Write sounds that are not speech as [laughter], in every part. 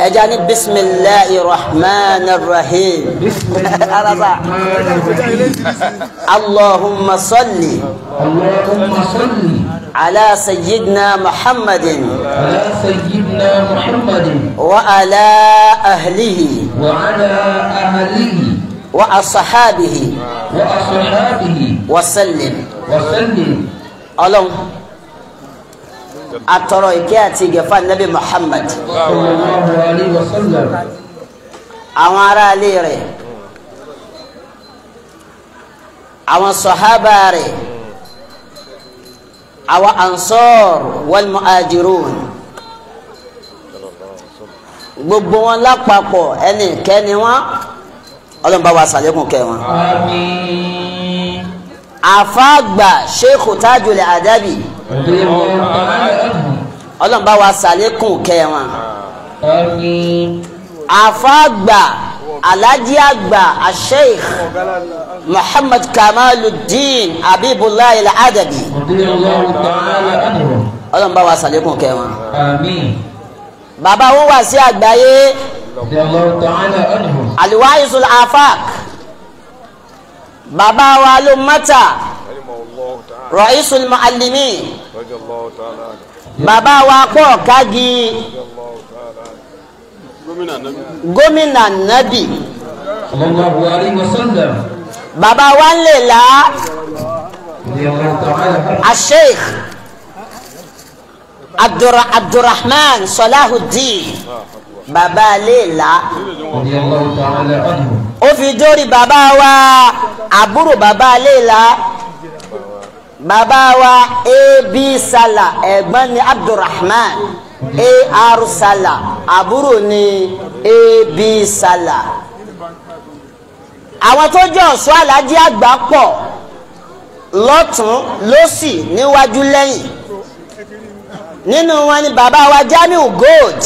أجانب بسم الله الرحمن الرحيم [laughs] اللهم صل اللهم صل على سيدنا محمد على سيدنا محمد وعلى أهله وعلى أهله وأصحابه وأصحابه وسلم وسلم ọlọ́run atọrọ ìkẹ́ àti ìgẹ̀fà nabi muhammad àwọn aráalé rẹ̀ àwọn sọ̀hábà rẹ̀ àwọn ansor wal muajirun gbogbo wọn lápapọ̀ ẹnì kẹ́ni wọn ọlọ́run bá wa ṣàlékún kẹ́ wọn àfáàgbà sheikh tajul adabi ọlọ́run bá wa sàlékún kẹ́ wọn àfáàgbà alhaji àgbà sheikh muhammad kamaluddin abibullah al-adabi ọlọ́run bá wa sàlékún kẹ́ wọn bàbá wọn wà sí àgbáyé aliwaisul afaq bàbá wa ló mọ́tà raisul muallimi bàbá wa pọ̀ kági gómìnà nabi bàbá wa ń lè la asheikh abdulrahman salahuddin. Ah bàbá aléèlá ó fi dórí bàbá wa àbúrò bàbá aléèlá bàbá wa ab sala ẹ̀gbọ́n ni abdulrahman ar sala àbúrò ni ab sala àwọn tó jẹ́ ọ̀ṣọ́ alájí àgbà pọ̀ lọ́tún lọ́sì níwájú lẹ́yìn nínú wọn ni bàbá wa jamiu gold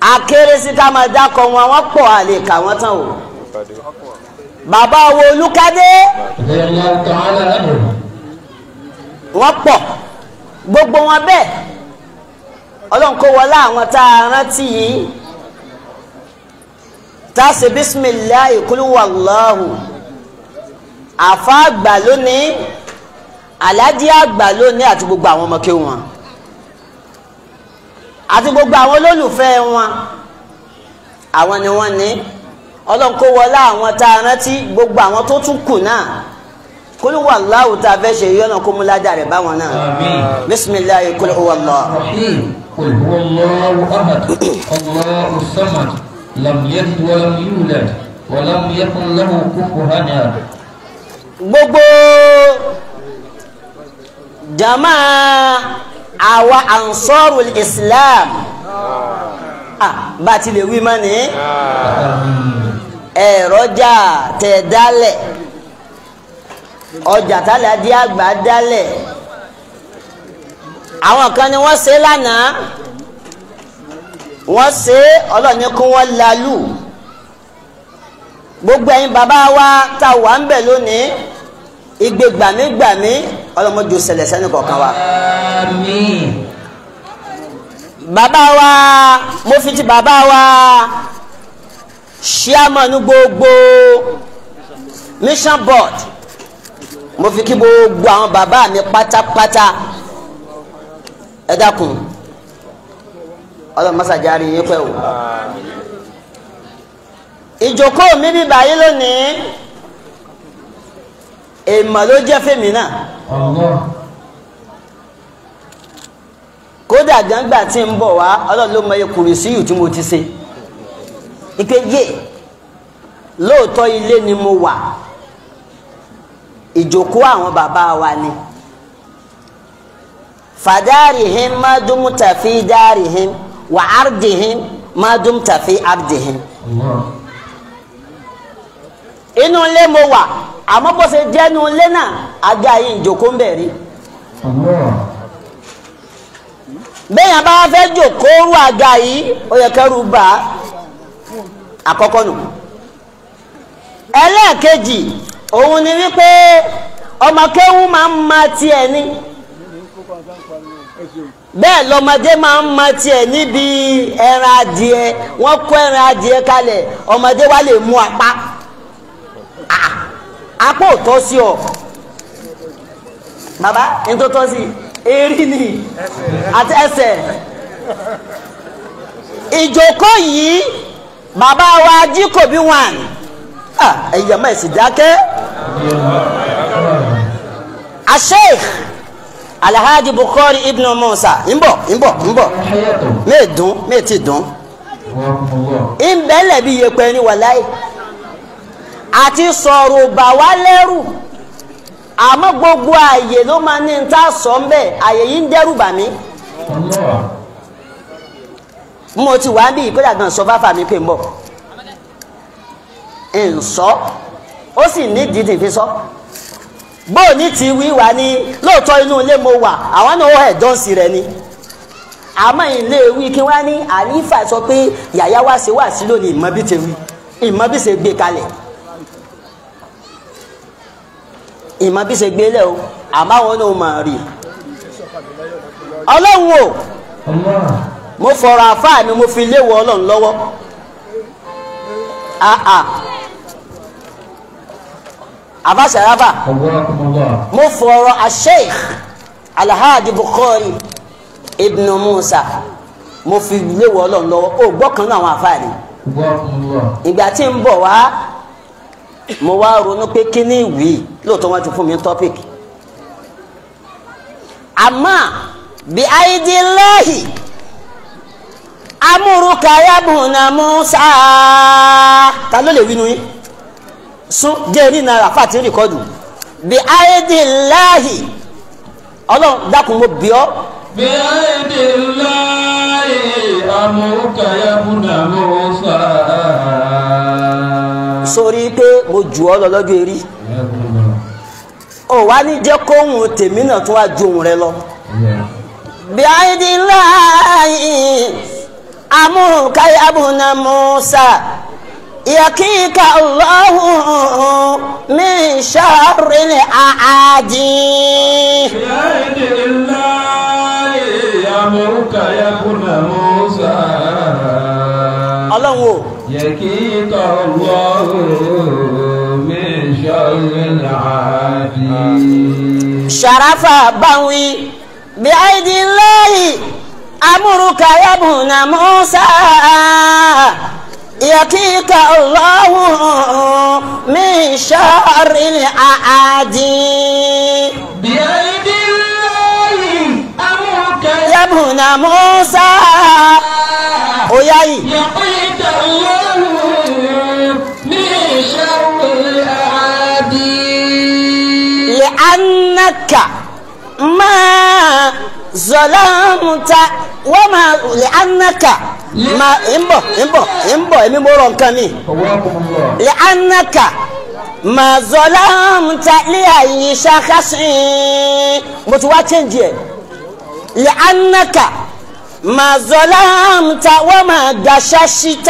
akéré sí ká máa dákọ wọn wọn pọ̀ àlè kà wọ́n tán o bàbá wo olúkadé wọ́n pọ̀ gbogbo wọn bẹ́ẹ̀ ọlọ́run kó wọlé àwọn tá a rántí yìí tá a ṣe bísímìláì kúlú àfa àgbà lónìí aláàjì àgbà lónìí àti gbogbo àwọn ọmọ kéwọn àti gbogbo àwọn olólùfẹ́ wọn àwọn ni wọ́n ní ọlọ́run kó wọlé àwọn tá a rántí gbogbo àwọn tó tún kù náà kulu wàlláhu tá a fẹ́ ṣe yọ̀nà kó mú ládàá rẹ̀ báwọn náà bisimilayi kulu wàllá. kul huwallahu ahad gbogbo jama àwa ansorul islam ah. Ah, bá a ti lè wí mọ́ ni ah. ẹ̀rọjà tẹ̀ dálẹ̀ ọjà tálàdí àgbà dálẹ̀ àwọn kan ni wọ́n ṣe lánàá wọ́n ṣe ọlọ́ọ̀ni kún wọ́n lalù gbogbo ẹ̀yin bàbá wa tá wà ń bẹ̀ lónìí igbe gbàmígbàmí ọlọmọdé ṣẹlẹ̀ sẹ́ni kọ̀ọ̀kan wa. bàbá wa mo fi ti bàbá wa ṣíàmọ̀nù gbogbo mission board mo fi kí gbogbo àwọn bàbá mi pátápátá ẹ dákun ọlọmọsàjáre yín pẹ́ o. ìjókòó mi bí báyìí lónìí. èèmọ̀ ló jẹ́ fèmí náà kódà gbàngbà tí ń bọ̀ wá ọlọ́run ló mọ ekùrì sí ìtú mo ti ṣe ike yé lóòótọ́ ilé ni mo wà ìjókòó àwọn bàbá wa ni fadarihim madumta fi darihim wa ardihim madumta fi ardihim inú ilé mo wà. àmọ́ bó ṣe jẹ́nu ilé náà àga yìí ìjòkó ń bẹ̀ rí bẹ́ẹ̀ yẹn bá fẹ́ jòkó rú àga yìí ó yẹ kẹ́rù bá àkọ́kọ́ nù ẹlẹ́ẹ̀kejì òun ni wípé ọmọ kéwú máa ń ma tiẹ̀ ní bẹ́ẹ̀ lọ́mọdé máa ń ma tiẹ̀ níbi ẹran adìẹ wọ́n kó ẹran adìẹ kalẹ̀ ọmọdé wa lè mú apá apá ò tọ́ sí ọ bàbá ní tó tọ́ sí eré ni àti ẹsẹ̀ ìjókòó yìí bàbá wa jíkòbí wọn ẹ̀yẹ̀ mọ̀ ẹ̀sìn dákẹ́ asheikh alhaji bukhari ibn musa nbọ nbọ nbọ mẹ́ẹ̀dún mẹ́ẹ̀tì dún ìbẹ̀lẹ̀ yẹpẹ ni wàláyé. àti sọ̀rọ̀ bà wá lẹ́rù àmọ́ gbogbo àyè ní ta sọ ń bẹ̀ àyè yìí ń dẹ́rù bà mí. mo ti wá bí ìpínlẹ̀ gan sọ fáfà mi pé ń bọ̀ sọ ó sì ní dídì fi sọ bó ní ti wí wá ní lóòótọ́ inú ilé mo wà àwọn náà rẹ ni àmọ́ ilé ní àlífà sọ pé yàyà wá wá sí lónìí ìmọ̀ bí ti wí gbé kalẹ̀. ìmọ̀ bí se gbélé o àmọ́ àwọn náà mà rí ọlọ́run mo fọ̀rọ̀ àfáà mo fi léwọ ọlọ́run lọ́wọ́ àà àbáṣàrábà mo fọ̀rọ̀ asheikh alhaji bukhari ibn musa mo fi léwọ ọlọ́run lọ́wọ́ o àwọn àfáà ni ìgbà tí ń bọ̀ wá. mo wá ronú pé ni lóòótọ́ wọn ti fún mi topic àmọ́ bí àìdí lẹ́yìn amúrúkà yábùnà Musa ta ló lè wínú yín sún jẹ́ náírà fàtí rìkọ́dù bí àìdí lẹ́yìn ọlọ́run dákun mo bí ọ́. bí àìdí amúrúkà sórí pé mo jù ọ lọ lọ́jọ́ eré ò wá ní jẹ́ kóhùn tèmi náà tún wá ju ohùn rẹ lọ. bí àìdí láàyè amúkáyàbùnà Musa yàkíkà ọlọ́hùn mi ṣàrì ní àádì. bí àìdí láàyè amúkáyàbùnà Musa. الله من شر العادي شرف بوي بأيدي الله أمرك يا ابن موسى يقيك الله من شر الأعادي بأيدي الله أمرك يا ابن موسى وياي يقيك الله مكة ما ظلمت وما لأنك ما انبọ̀ انبọ̀ انبọ̀ èmi mo rọ nǹkan ni لأنك ما ظلمت لأي شخص mo ti wá change ẹ̀ لأنك ما ظلمت وما غششت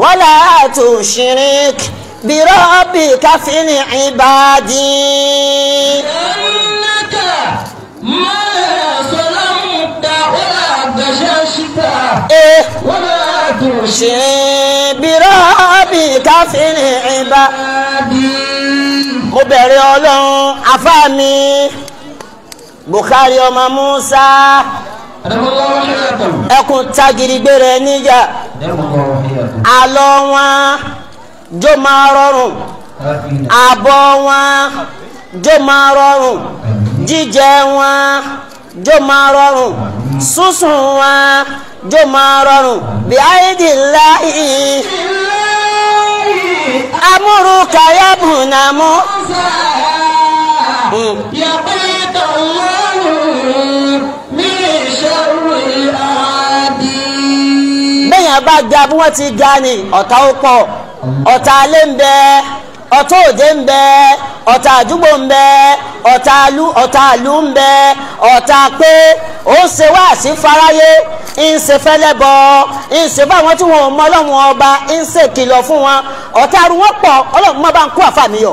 ولا تشرك. بربك في العباد إنك ما ظلمت ولا بششت إيه ولا تشي بربك في العباد mo bẹ̀rẹ̀ ọlọ́run afá mi Buhari ọmọ Musa ẹkùn tagirigbé rẹ níjà alọ́ wọn jó máa rọrùn àbọ̀ wọn jó máa rọrùn jíjẹ wọn jó máa rọrùn sísun wọn jó máa rọrùn bí áyídì láì amúrú kàyábù nàmú. bẹ́ẹ̀ yẹn bá ga bí wọ́n ti ga ni ọ̀tá ó pọ̀. ọ̀tá alé ń bẹ ọ̀tá òde ń bẹ ọ̀tá àdúgbò ń bẹ ọ̀tá àlú ọ̀tá ń bẹ ọ̀tá pé ó wá àwọn tí wọn mọ ọba kìlọ̀ fún wọn wọn bá ń kó àfààní yọ.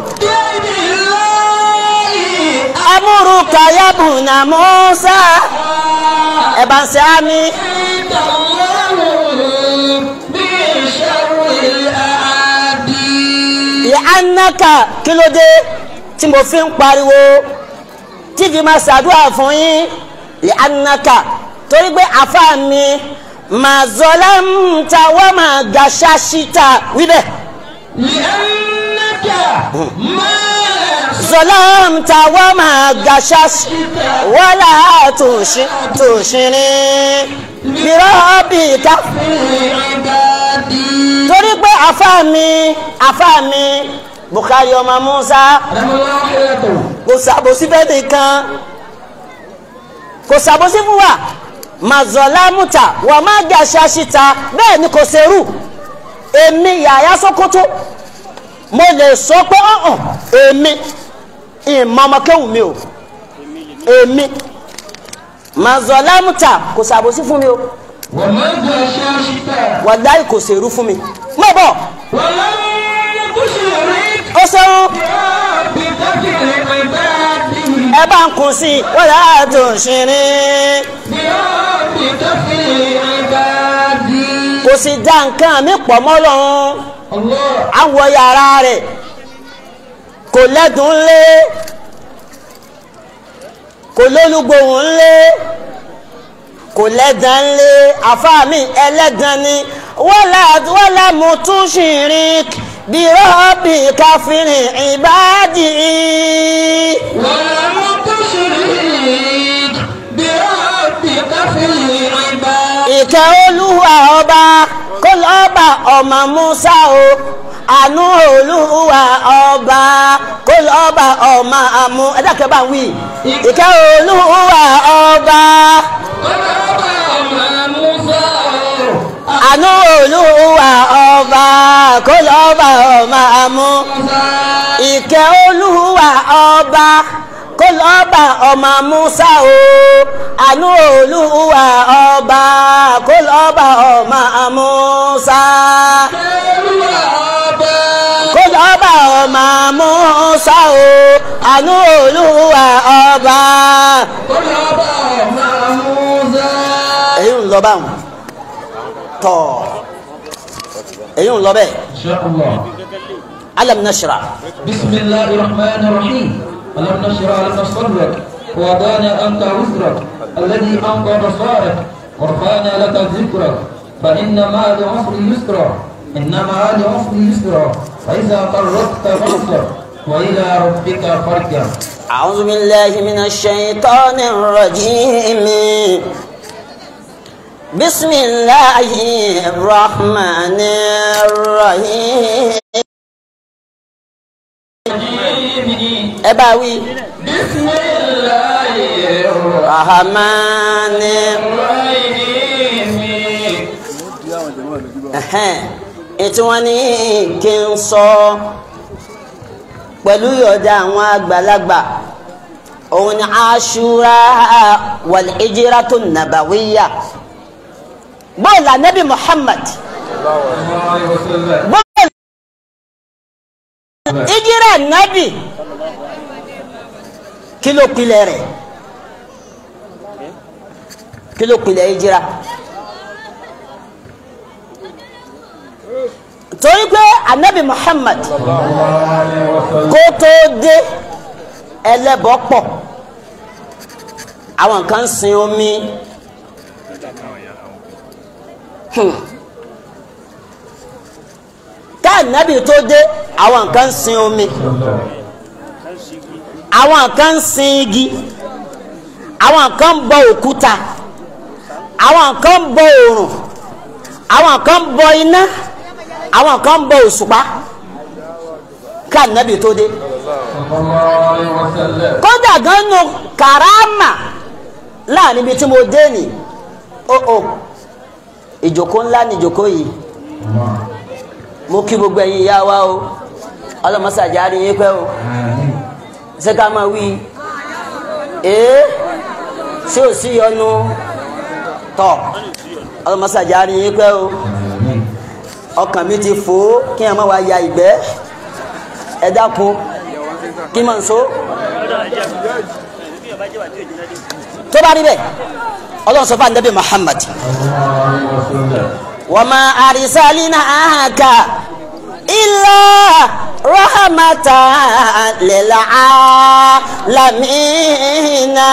amúrúkọ mọ́sá anaka kí ló dé tí mo fi ń pariwo tí fi máa ṣàdúrà fún yín lè anaka torí pé àfa mi màá zọlá ń ta wọ́n máa gàṣà síta wíbẹ̀. lè anaka máa zọlọ́mta wọ́n máa gàṣà wọ́lá tòṣìní bírọ́bì ká. torí pé àfa mi àfa mi. Bukhari ọmọ Musa kò sàbòsí fẹ́ nìkan kò sàbòsí fún wa mazọlámùtà wà má gàṣà síta bẹ́ẹ̀ ni kò serú èmi Yahya Sokoto mo lè sọ pé ọ̀hún èmi ìmọ̀mọ́kéwù mi o èmi mazọlámùtà kò sàbòsí fún mi o wà má gàṣà síta wà dáì kò serú fún mi mọ̀ bọ̀. wọ́n lọ́wọ́ ó ṣeun. ẹ bá ń kun sí i wọ́n yàrá tó ń ṣeré. kò sì dá nǹkan mi pọ̀ mọ́ lọ́hún àwọn yàrá rẹ̀ kò lẹ́dùn lé kò lólùgbòhùn lé kò lẹ́dàn lé àfáà mi ẹlẹ́dàn ni wọ́n là mú tún ṣìnrìn bírọ́bì káfíìnì ìbáàdì. wàlá mo tó ṣòrí bírọ́bì káfíìnì ìbáàdì. ìkẹ́ olúwa ọba kó lọ́ba ọmọ Musa o àánú olúwa ọba kó lọ́ba ọmọ àmú ẹ̀dá kẹba wí. ìkẹ́ olúwa ọba. kó lọ́ba ọmọ Musa o. àánú olúwa ọba kó lọ́ba ọmọ àmú ìkẹ́ olúwa ọba kó lọ́ba ọmọ Musa o àánú olúwa ọba kó lọ́ba ọmọ Musa kó lọ́ba ọmọ Musa o àánú olúwa ọba kó lọ́ba ọmọ Musa. èyí ń lọ báwọn tọ̀. ايون لو بيه ان شاء الله الم نشرع بسم الله الرحمن الرحيم الم نشرع لك صدرك ووضعنا انت وزرك الذي انقى بصائرك ورفعنا لك ذكرك فإنما لعصر العسر إنما لعصر مع فاذا قررت فاصبر والى ربك فاركع أعوذ بالله من الشيطان الرجيم بسم الله الرحمن الرحيم ẹ bá wí. بسم الله الرحمن الرحيم. ètò wọn ní kí n sọ pẹ̀lú yọ̀dá àwọn àgbàlagbà òun ni aṣura wal hijratu nabawiyya bóòlù anabi muhammad bóòlù ìjírà nabi kí ló pilẹ̀ rẹ̀ kí ló pilẹ̀ ìjírà torí pé anabi muhammad kó tó dé ẹlẹ́bọ pọ̀ àwọn kan sin omi ká hmm. tó dé àwọn nǹkan sin omi àwọn nǹkan sin igi àwọn nǹkan bọ òkúta àwọn nǹkan bọ òòrùn àwọn nǹkan bọ iná àwọn nǹkan bọ òṣùpá ká tó dé kódà gan nu kàrámà mo dé ni. Oh, oh. ìjòkó ńlá ni ìjòkó yìí mo kí gbogbo ẹ̀yin ìyá wa o ọlọmọsàjà á rí yín pẹ́ o ṣé ká máa wí ee ṣé ò sí yọnu tọ ọlọmọsàjà á rí yín pẹ́ o ọkàn mi ti fò ó kí n máa wá ya ìgbẹ́ ẹ dákun kí n máa ń so tó bá rí bẹ́ẹ̀ ọlọ́run sọ fún anabi muhammad wàmà àrísàlínà àhàkà ilà rahmata lila lamina.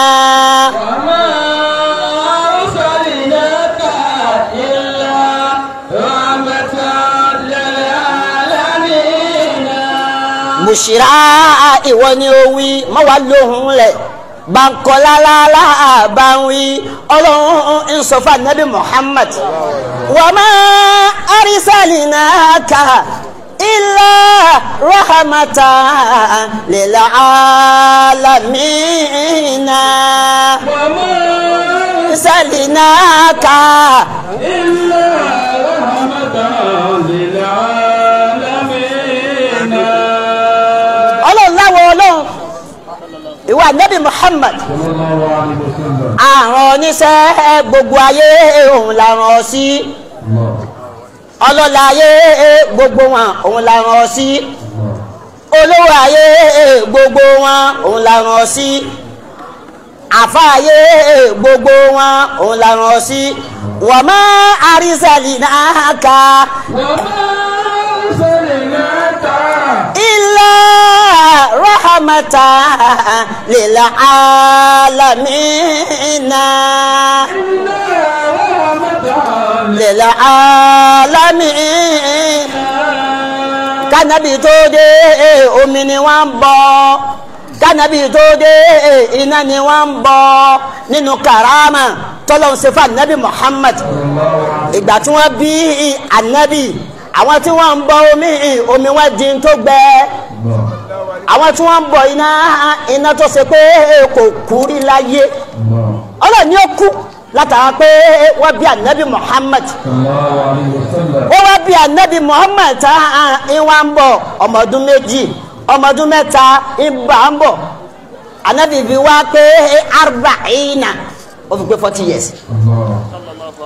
wàmà àrísàlínà àhàkà ilà rahmata lila lamina. bùṣírà ìwọ ni ó wí mọ́ wàá lóhùn lẹ̀ bankolalaala banwi ọlọ́run nsọfà nabi muhammad wàmà arisalina ka ilà rahamata lila alamina wàmà arisalina ka ilà rahamata. wa nabi muhammad àrùn oníṣẹ́ gbogbo ayé òun la ràn ọlọ́lá ayé gbogbo wọn òun la ràn olówó ayé gbogbo wọn òun la ràn àfa ayé gbogbo wọn òun la ràn wọ́n mọ́ àrísàlì náà ká. wọ́n mọ́ illa rahmatan lil alamin. lil alamin. Kanabi tó dé omi ni wọ́n bọ́ kánábì tó dé iná ni wọ́n bọ́ nínú karama tọ́lọ́ ń ṣe fún anabi Muhammad ìgbà tí wọ́n bí anabi. àwọn tí wọ́n ń bọ omi omi wọn di tó gbẹ àwọn tí wọ́n ń bọ iná iná tó ṣe pé kò kú rí láyé ni ó kú pé wọ́n bí anabi Muhammad ó wá bí anabi Muhammad tá ìwà ń bọ̀ ọmọ ọdún méjì ọmọ ọdún anabi fi wá pé ó fi pé years.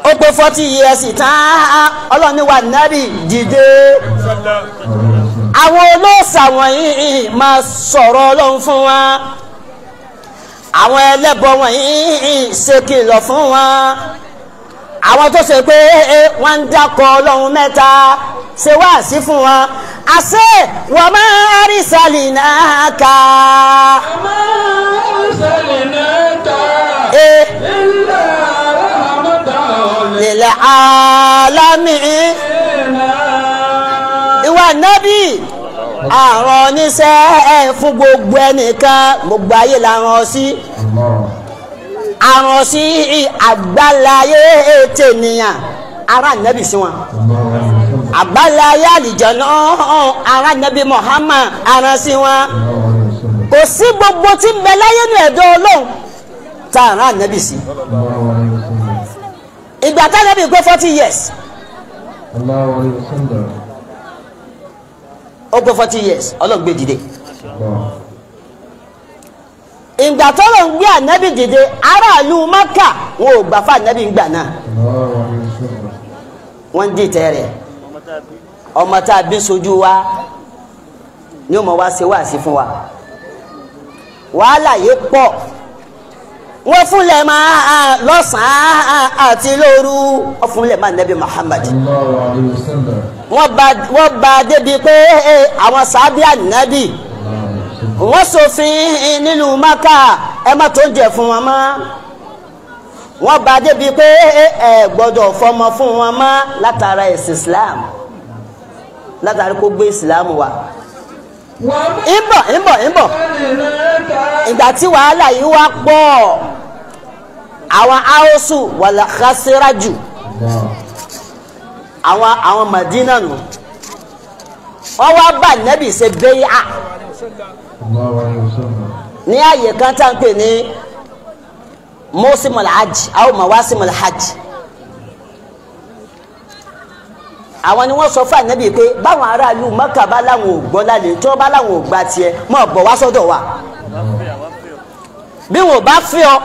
ó pé forty years tán ọlọ́ni wa nábì dìde àwọn olóòṣà wọ̀nyí máa sọ̀rọ̀ ọlọ́run fún wa àwọn ẹlẹ́bọ wọ̀nyí ṣe kìlọ̀ fún wa àwọn tó ṣe pé wọ́n ń dákọ̀ ọlọ́run mẹ́ta ṣe wá sí fún wa àṣẹ wọ́n máa rí sálì náà ká. wọ́n máa rí sálì náà ká lil'alamin ìwà nábì àrùn oníṣẹ́ fún gbogbo ẹnìkan gbogbo ayé la rán ọ sí àrùn sí àgbáláyé ètè ènìyàn ara nábì sí wọn àgbáláyé àlìjọ náà ara nábì Muhammad ara sí wọn kò sí gbogbo tí ń bẹ ní ẹ̀dọ́ Ọlọ́run tá a nábì sí ìgbà tánàbí pé forty years. ó pé forty years ọlọ́run gbé dìde. ìgbà tọ́lọ̀ ń gbé ànábì dìde aráàlú maka wọn ò gbà fún ànábì ńgbà náà. wọ́n ń dìtẹ̀ rẹ̀ ọmọ tá a bí sojú wa ni ó mọ̀ wá ṣe wáàsí fún wa wàhálà yìí pọ̀. wọ́n fúnlẹ̀ máa lọ́sàn-án àti lóru wọ́n fúnlẹ̀ máa nẹ́bí Muhammad wọ́n bá débi pé e, àwọn sábẹ́ ànábì wọ́n ṣòfin e, nínú Maka ẹ má tó ń jẹ fún wọn mọ́ wọ́n bá débi pé e, ẹ gbọ́dọ̀ fọmọ fún wọn mọ́ látara ẹ̀sìn Islam látara kó gbé Islam wá ń bọ̀ ń bọ̀ ń bọ̀ ìgbà tí wàhálà yìí wá pọ̀. àwọn haúsù wàlà kásírajù àwọn àwọn madina nù wọ́n wá bá nẹ́bì ṣe béyà ní àyè kan tá à ń pè ní mọ́símọ̀lá hajj àwọn mọ̀wásímọ̀lá hajj àwọn ni wọ́n sọ fún ànábì pé báwọn aráàlú mọ́kà bá ò gbọ́ lálẹ́ tí bá láwọn ò gba tiẹ̀ mọ́ bọ̀ wá sọ́dọ̀ wa bí wọn ò bá fi ọ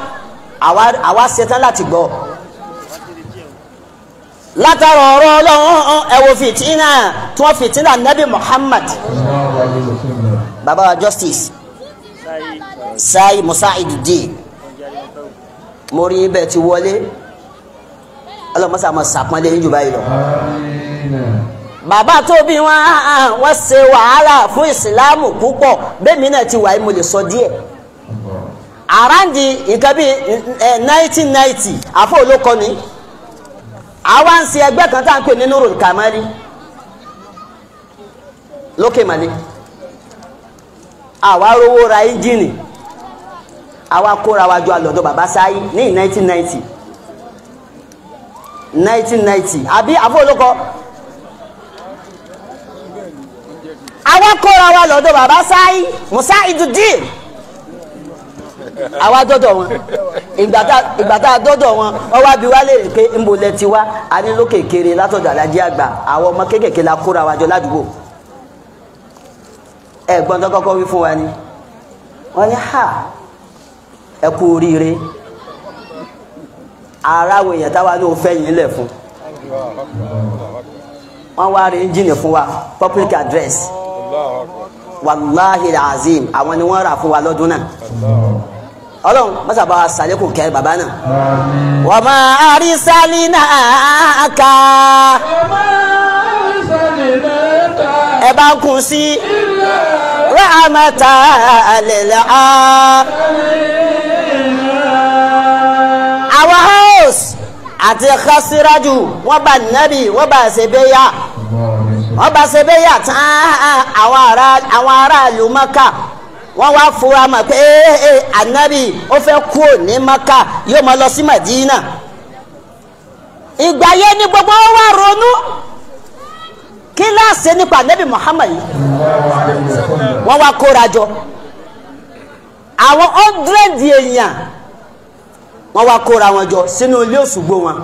àwa ṣetán láti gbọ́ látara ọ̀rọ̀ ọlọ́run ẹ wo fìtínà tí wọ́n fìtínà nabi muhammad baba justice sai musa'idudin mo rí bẹ́ẹ̀ ti wọlé ọlọ́mọsá máa sàpọ́nlé yín jù báyìí lọ. bàbá tó bí wọn wọ́n ṣe wàhálà fún ìsìláàmù púpọ̀ bẹ́ẹ̀ mi náà ti wà yìí mo lè sọ díẹ̀. àràǹdì nǹkan bíi nineteen ninety afọ olóko ni àwa ń ṣe ẹgbẹ́ kan tá à ń pè ní Nurul Kamali lókè màlẹ́ àwa rówó ra ẹ́ńjìnì àwa kóra wa jọ àlọ́dọ̀ bàbá sáyé ní nineteen ninety nineteen ninety àbí àfọ olóko àwa kóra wa lọ́dọ̀ bàbá sáyé Musa Idudin. àwa dọ́dọ̀ wọn ìgbà tá a dọ́dọ̀ wọn wọ́n wá bi wá léèrè pé ńbo lẹ ti a ní lókè kéré látọ̀dọ̀ alájí àgbà àwọn ọmọ kéékèèké la kóra wa jọ ládùúgbò ẹ̀gbọ́n tó kọ́kọ́ wí fún wa ni wọ́n ní ha ẹ kú oríire aráwọ èèyàn táwa ní o fẹ́ yín lẹ̀ fún wọ́n wá rí ẹ́ńjìnì fún wa public address wàláhi azim àwọn ni wọ́n rà fún wa lọ́dún náà. ọlọ́run mọ́sàbá sàlékù kẹ́ bàbá náà. wọ́n máa rí sálí náà ká. ẹ bá ń kun sí. rahmata lil alamin. àwọn house àti khasiraju wọ́n bá nàbì wọ́n bá ṣèbéyà wọ́n bá ṣèbéyà tán àwọn aráàlú mọ́kà wọ́n wá fura mọ̀ pé ee anabi ó fẹ́ kúrò ní maka yóò máa lọ sí madina ìgbà yẹn ni gbogbo wọn wá ronú kí láàṣẹ nípa anabi muhammad yìí wọ́n wá kóra jọ àwọn ọ̀ndrẹ́dì èèyàn wọ́n wá kóra wọn jọ sínú ilé òṣùgbò wọn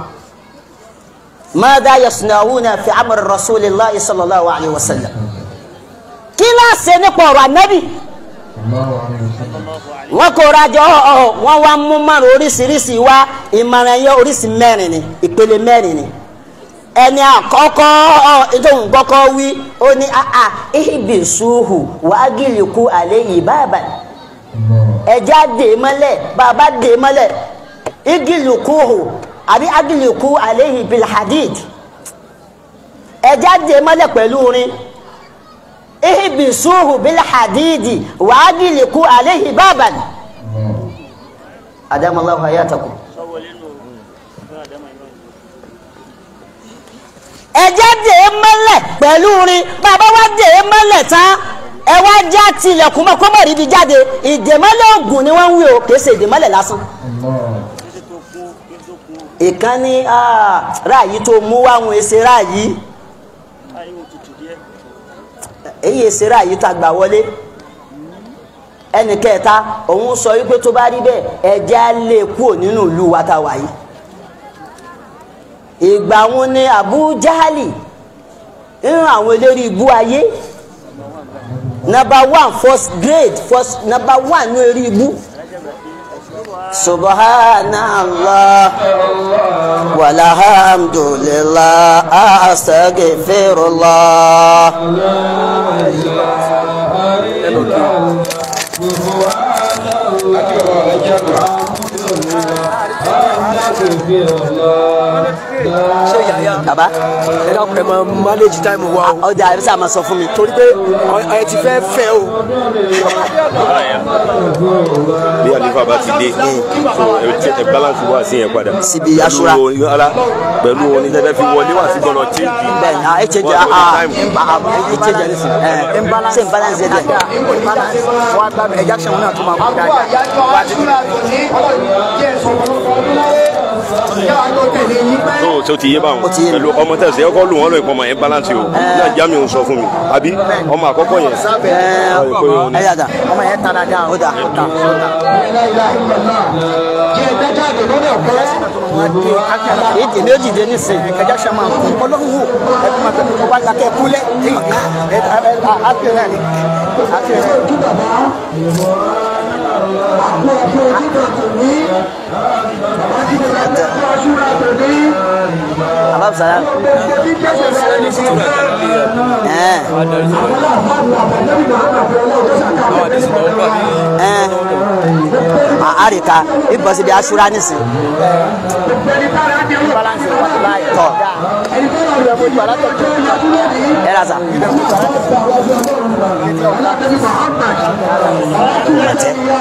mada yasunawuna fi amr rasulillah sallallahu alayhi wa sallam kí láàṣẹ nípa ọ̀rọ̀ anabi. wọ́n kóra jọ wọ́n wá mú márùn oríṣiríṣi wá ìmọ̀ràn yẹn oríṣi mẹ́rin ni ìpele mẹ́rin ni ẹni àkọ́kọ́ ìtòhùn gbọ́kọ́ wí ó ní àà ìhìbì sùúhù wàá gìlìkù àlẹ́ yìí bàbà ẹ̀já dè mọ́lẹ̀ bàbá dè mọ́lẹ̀ ìgìlìkù hù àbí agìlìkù àlẹ́ yìí bìlhadid ẹ̀já orin. ihbisuhu bil hadidi wa agiliku alayhi baban adamallahu hayatakum ẹjẹ́ dèé mọ́lẹ̀ pẹ̀lú rin bàbá wa dèé mọ́lẹ̀ tán ẹ wá já tilẹ̀kùn mọ́ kọ́mọ̀ rí ibi jáde ìdèmọ́lẹ̀ ògùn ni wọ́n ń wí o kìí ṣe ìdèmọ́lẹ̀ lásán. ìkànnì ah, ráàyí tó mú wáhùn ẹsẹ̀ ráàyí èyí ìsirà yìí ta gbà wọlé ẹnì kẹta òun sọ wípé tó bá rí bẹ́ẹ̀ ẹ̀jẹ̀ á lè e kúrò nínú ìlú wa ta wà yìí ìgbà wọn ni Abu Jahali àwọn eléré ibú ayé number one first grade first number one ní eré ibú. No سبحان الله والحمد لله أستغفر الله لا إله إلا الله سبحان الله baba ẹ dákun ẹ máa manage time wa o. ọjà ẹ sá máa sọ fún mi. torí pé ẹ ti fẹ́ fẹ́ o. bí àlefa bá ti dé hmm, ẹ balance wá sí yẹn padà. síbi asura pẹ̀lú onídẹ́dẹ́ fi wọlé wá sí gbọ́dọ̀ tí. bẹ́ẹ̀ni ah, ẹ ṣe jẹ ẹ ṣe jẹ nísìn ẹ ṣe n balance yẹn dẹ. wọ́n á gbàgbé ẹja ṣẹ́wọ̀n náà tó máa kú dáadáa tó tó ti yé báwọn pẹ̀lú ọmọ tẹ̀sí ẹ̀kọ́ lù wọ́n lọ ìpọ̀mọ̀ yẹn balance o ní àjá mi ò sọ fún mi àbí ọmọ àkọ́kọ́ yẹn. ẹ yàtà ọmọ yẹn tara dá o da o ta o ta. dé ní sè kẹjá sẹ máa kún ọlọ́run wò ẹ kó máa tẹ̀ kó wá lakẹ́ kúlẹ̀ ẹ ẹ ẹ àti rẹ̀ ni àti rẹ̀ ni àpò ọ̀pọ̀ òdìbò tòní àdìbò àti ẹ̀kọ́ aṣúra tòní. Àbábùsàlá. Gbogbo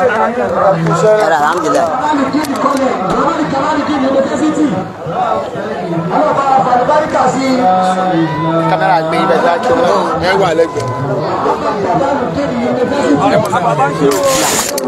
Ẹ̀rọ alhamdulilayi. Kámẹ́rà gbé ibẹ̀ dá kí ọmọ ẹ wà lẹ́gbẹ̀ẹ́.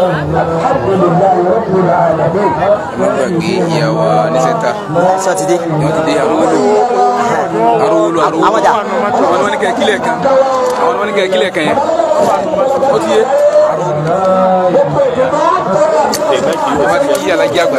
mo gbàgbé ìyàwó anisẹta sátidé ìyàwó ti dé àwọn ọmọdé arúgbó arúgbó àwọn ọmọdé wọn ni kẹ kílẹ kan àwọn ọmọdé wọn ni kẹ kílẹ kan yẹn ó ti yé wọ́n ti kí alájí àgbà.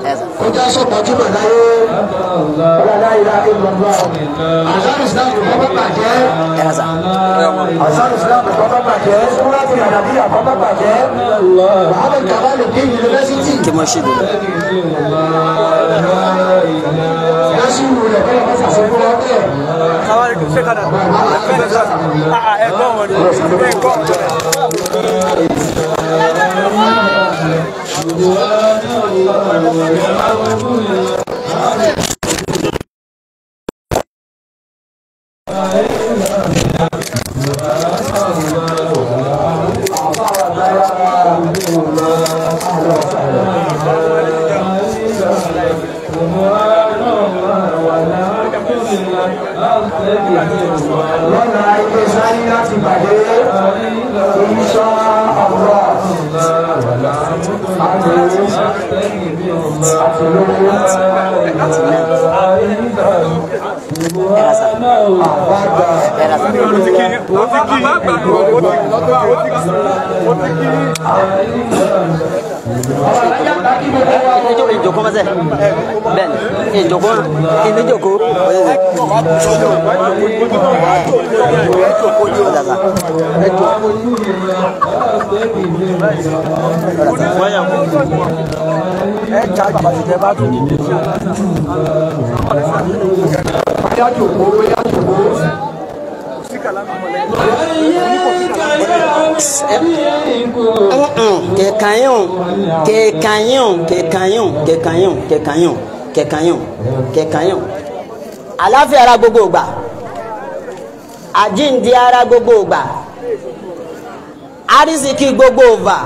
ọjà sọ̀tọ̀ tí mà láyé ọjà láyìlá ìlọ́lọ́ àṣàrò ìsìláàmù kọ́ bá bàjẹ́ àṣàrò ìsìláàmù kọ́ bá bàjẹ́ sùkúrátì àdàbíyà kọ́ bá bàjẹ́ wàhálà ìjàmbá lè dé yunifásitì. kí mo ṣe dùn. lásìkò rẹ̀ kọ́lá bá ṣàṣekú wọn bẹ́ẹ̀. káwá lè fi kàdà ẹ̀gbọ́n wọn ni ẹ̀gbọ́n wọn ni. الله يا رب يا رب Ini ìjòkó mọ́sẹ̀ bẹ́ẹ̀ ìjòkó Ben, ini oyè Ini jà bàbá ti kẹkànyàn kẹkànyàn kẹkànyàn kẹkànyàn kẹkànyàn kẹkànyàn kẹkànyàn àláfíà ara gbogbo ògbà àjíǹde ara gbogbo ògbà arísìkí gbogbo ògbà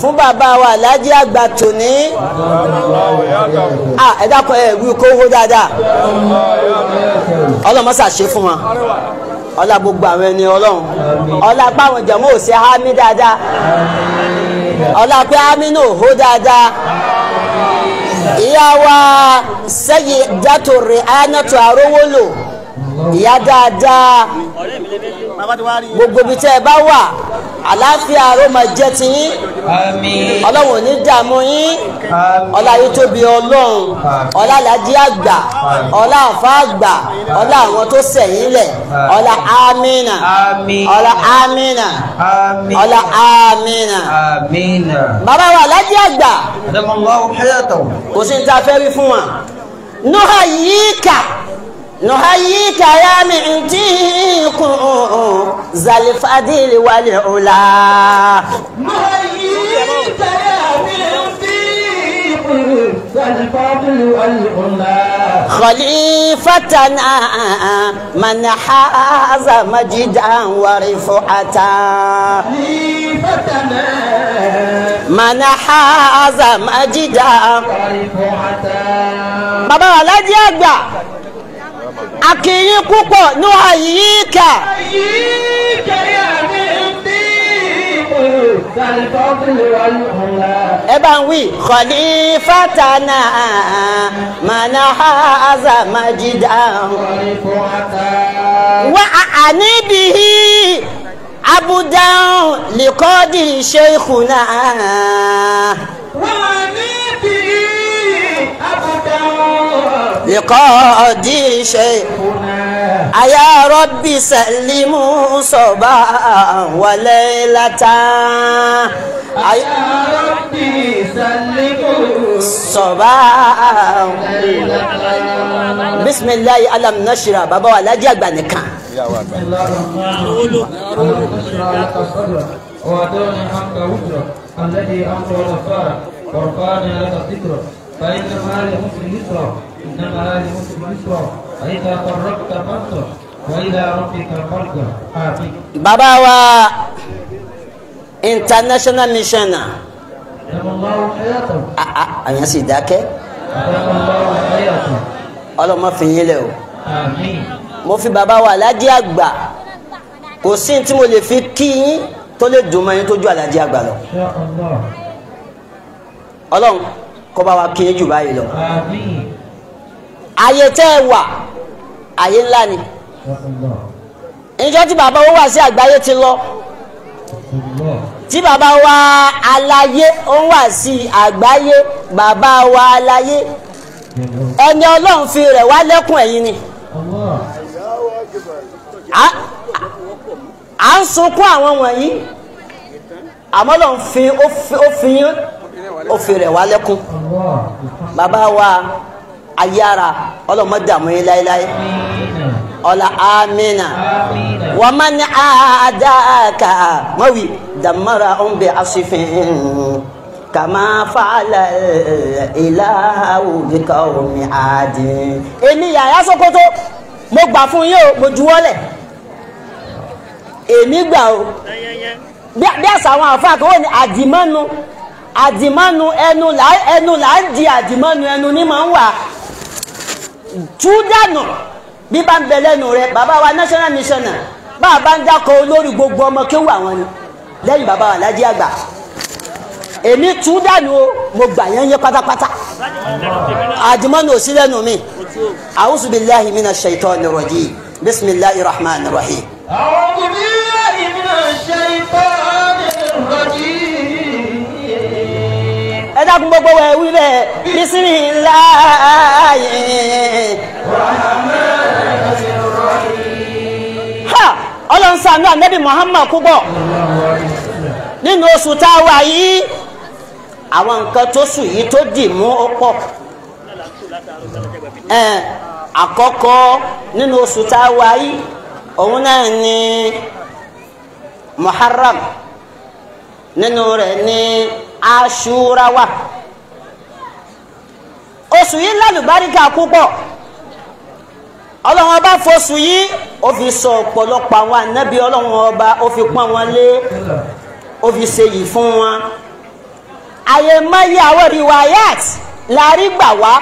fún bàbá wa aláàjì àgbà tòní ẹ dákọ ẹ wí kó hó dáadáa ọlọ́mọ́sà ṣe fún wọn ọlá gbogbo àwọn ẹni ọlọ́run ọlá páwọn jẹ̀mọ́ ò ṣe hámi dáadáa ọlá pé hámi náà hó dáadáa ìyá wa sẹ́yìn dátò rẹ̀ ayánátò àrówó lò ìyá dáadáa gbogbo ibi tẹ́ ẹ bá wà àlàáfíà aró máa jẹ́ ti yín ọlọ́run ò ní dààmú yín ọlá yìí tóbi ọlọ́run ọlá làjí àgbà ọlá àfa àgbà ọlá àwọn tó sẹ̀yìn lẹ̀ ọlá amínà ọlá amínà ọlá amínà bàbá wa làjí àgbà kò sí ní ta fẹ́ rí fún wa nùhà yìí نهيك يا معتيق ذا الفضيل والعلا نهيك يا معتيق ذا الفضل والعلا خليفة من حاز مجدا ورفعة خليفة من حاز مجدا ورفعة بابا لا جاك akìyín púpọ̀ ní àyíká. ẹ ń wí khalifatana mana haza majida wa anibihi abudan likodi sheikhuna. wa anibihi. بقادي شيخنا يا ربي سلموا صباحا وليلة يا ربي سلموا صباحا وليلة بسم الله ألم نشرب بابا ولا جاك نكان يا رب وأعطاني حق وجرة الذي أمر وفاره ورفعني لك ذكره فإن مال المسلم يسرا إنما لا يمسك يسرا فإذا قربت فانصر وإلى ربك فارجع آمين بابا و international mission àyàn sì dákẹ́ ọlọ́mọ fi yín lẹ̀ o mo fi bàbá wa aládé àgbà kò sí tí mo lè fi kí yín tó lè dùn mọ́ yín tó ju aládé àgbà lọ ọlọ́run kó bá wa kí yín jù báyìí lọ àyè tẹ́ ẹ wà àyè ńlá ni níjọ́ tí bàbá wa wà sí àgbáyé ti lọ tí bàbá wa aláyé ó ń wà sí àgbáyé bàbá wa aláyé ẹni ọlọ́run fi rẹ̀ wá lẹ́kùn ẹ̀yìn ni à ń sunkún àwọn wọ̀nyí àmọ́ lọ́n fi ó fi ó fi rẹ̀ wá lẹ́kùn bàbá wa. Allah ayára ọlọ́mọdààmú yín láéláé ọ̀la amina wà má ní àádáàkà mọ́wì dàmára ń um bẹ asòfin kàmá fàálà ìlàhàwù bíkà omi àdì. èmi yàrá Sókótó mo gbà fún yín o mo juwọ́lẹ̀ èmi gbà o bí àṣà àwọn àfáà kan wọ́n ní àdìmọ́nu àdìmọ́nu ẹnu là ń di àdìmọ́nu ẹnu ní máa ń wà tú dànù bí bá ń bẹ lẹ́nu rẹ bàbá wa national mission náà bá a bá ń dákọ̀ olórí gbogbo ọmọ kéwù àwọn ni lẹ́yìn bàbá wa lájẹ́ àgbà èmi tú dànù o mo gbà yẹn yẹ pátápátá àdìmọ́nù òsì lẹ́nu mi a'udhu billahi minash shaitani rajim bismillahir rahmanir rahim. a'udhu billahi minash shaitani rajim. dákun gbogbo wẹ̀ wí bẹ́ẹ̀ bisimilayi. ọlọ́run ṣàánú ànábì Muhammad púpọ̀ nínú oṣù tá a wà yìí àwọn nǹkan tó sùn yìí tó dì mú ó pọ̀ àkọ́kọ́ nínú oṣù tá a wà yìí òun náà ni Muharram nínú rẹ̀ ni Ashura oṣù yìí lálùbáríkà púpọ̀ ọlọ́run ọba fọṣù yìí ó fi sọ ọ̀pọ̀lọpọ̀ àwọn ànábì ọlọ́run ọba ó fi pọ́n wọn lé ó fi ṣe yìí fún wọn àyèmáyé àwọn riwayat láàrí gbà wá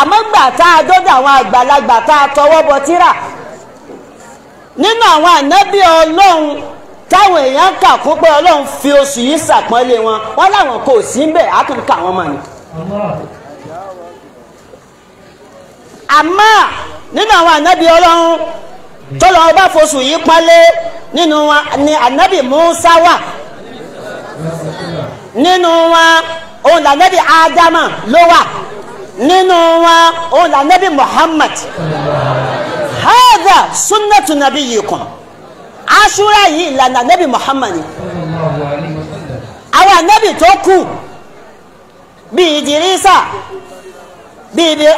àmọ́ gbà tá a dọ́dọ̀ àwọn àgbàlagbà tá a tọwọ́ bọ tírà nínú àwọn ànábì ọlọ́run táwọn èèyàn kà kún pé ọlọ́run fi oṣù yìí ṣàpọ́nlé wọn wọn láwọn kò sí ń bẹ̀ á tún kà wọ́n mọ̀ ni. àmọ́ nínú àwọn ànábì ọlọ́run tọ́lọ́ ọba fosùn yìí pọ́nlé nínú wọn ni ànábì Musa wà nínú wa òun lànábì adama ló wà nínú wọn òun lànábì Muhammad hadha sunnatu nabiyikum asura yìí ìlànà ànábì Muhammad àwọn ànábì tó kù bíi Ìdírísà.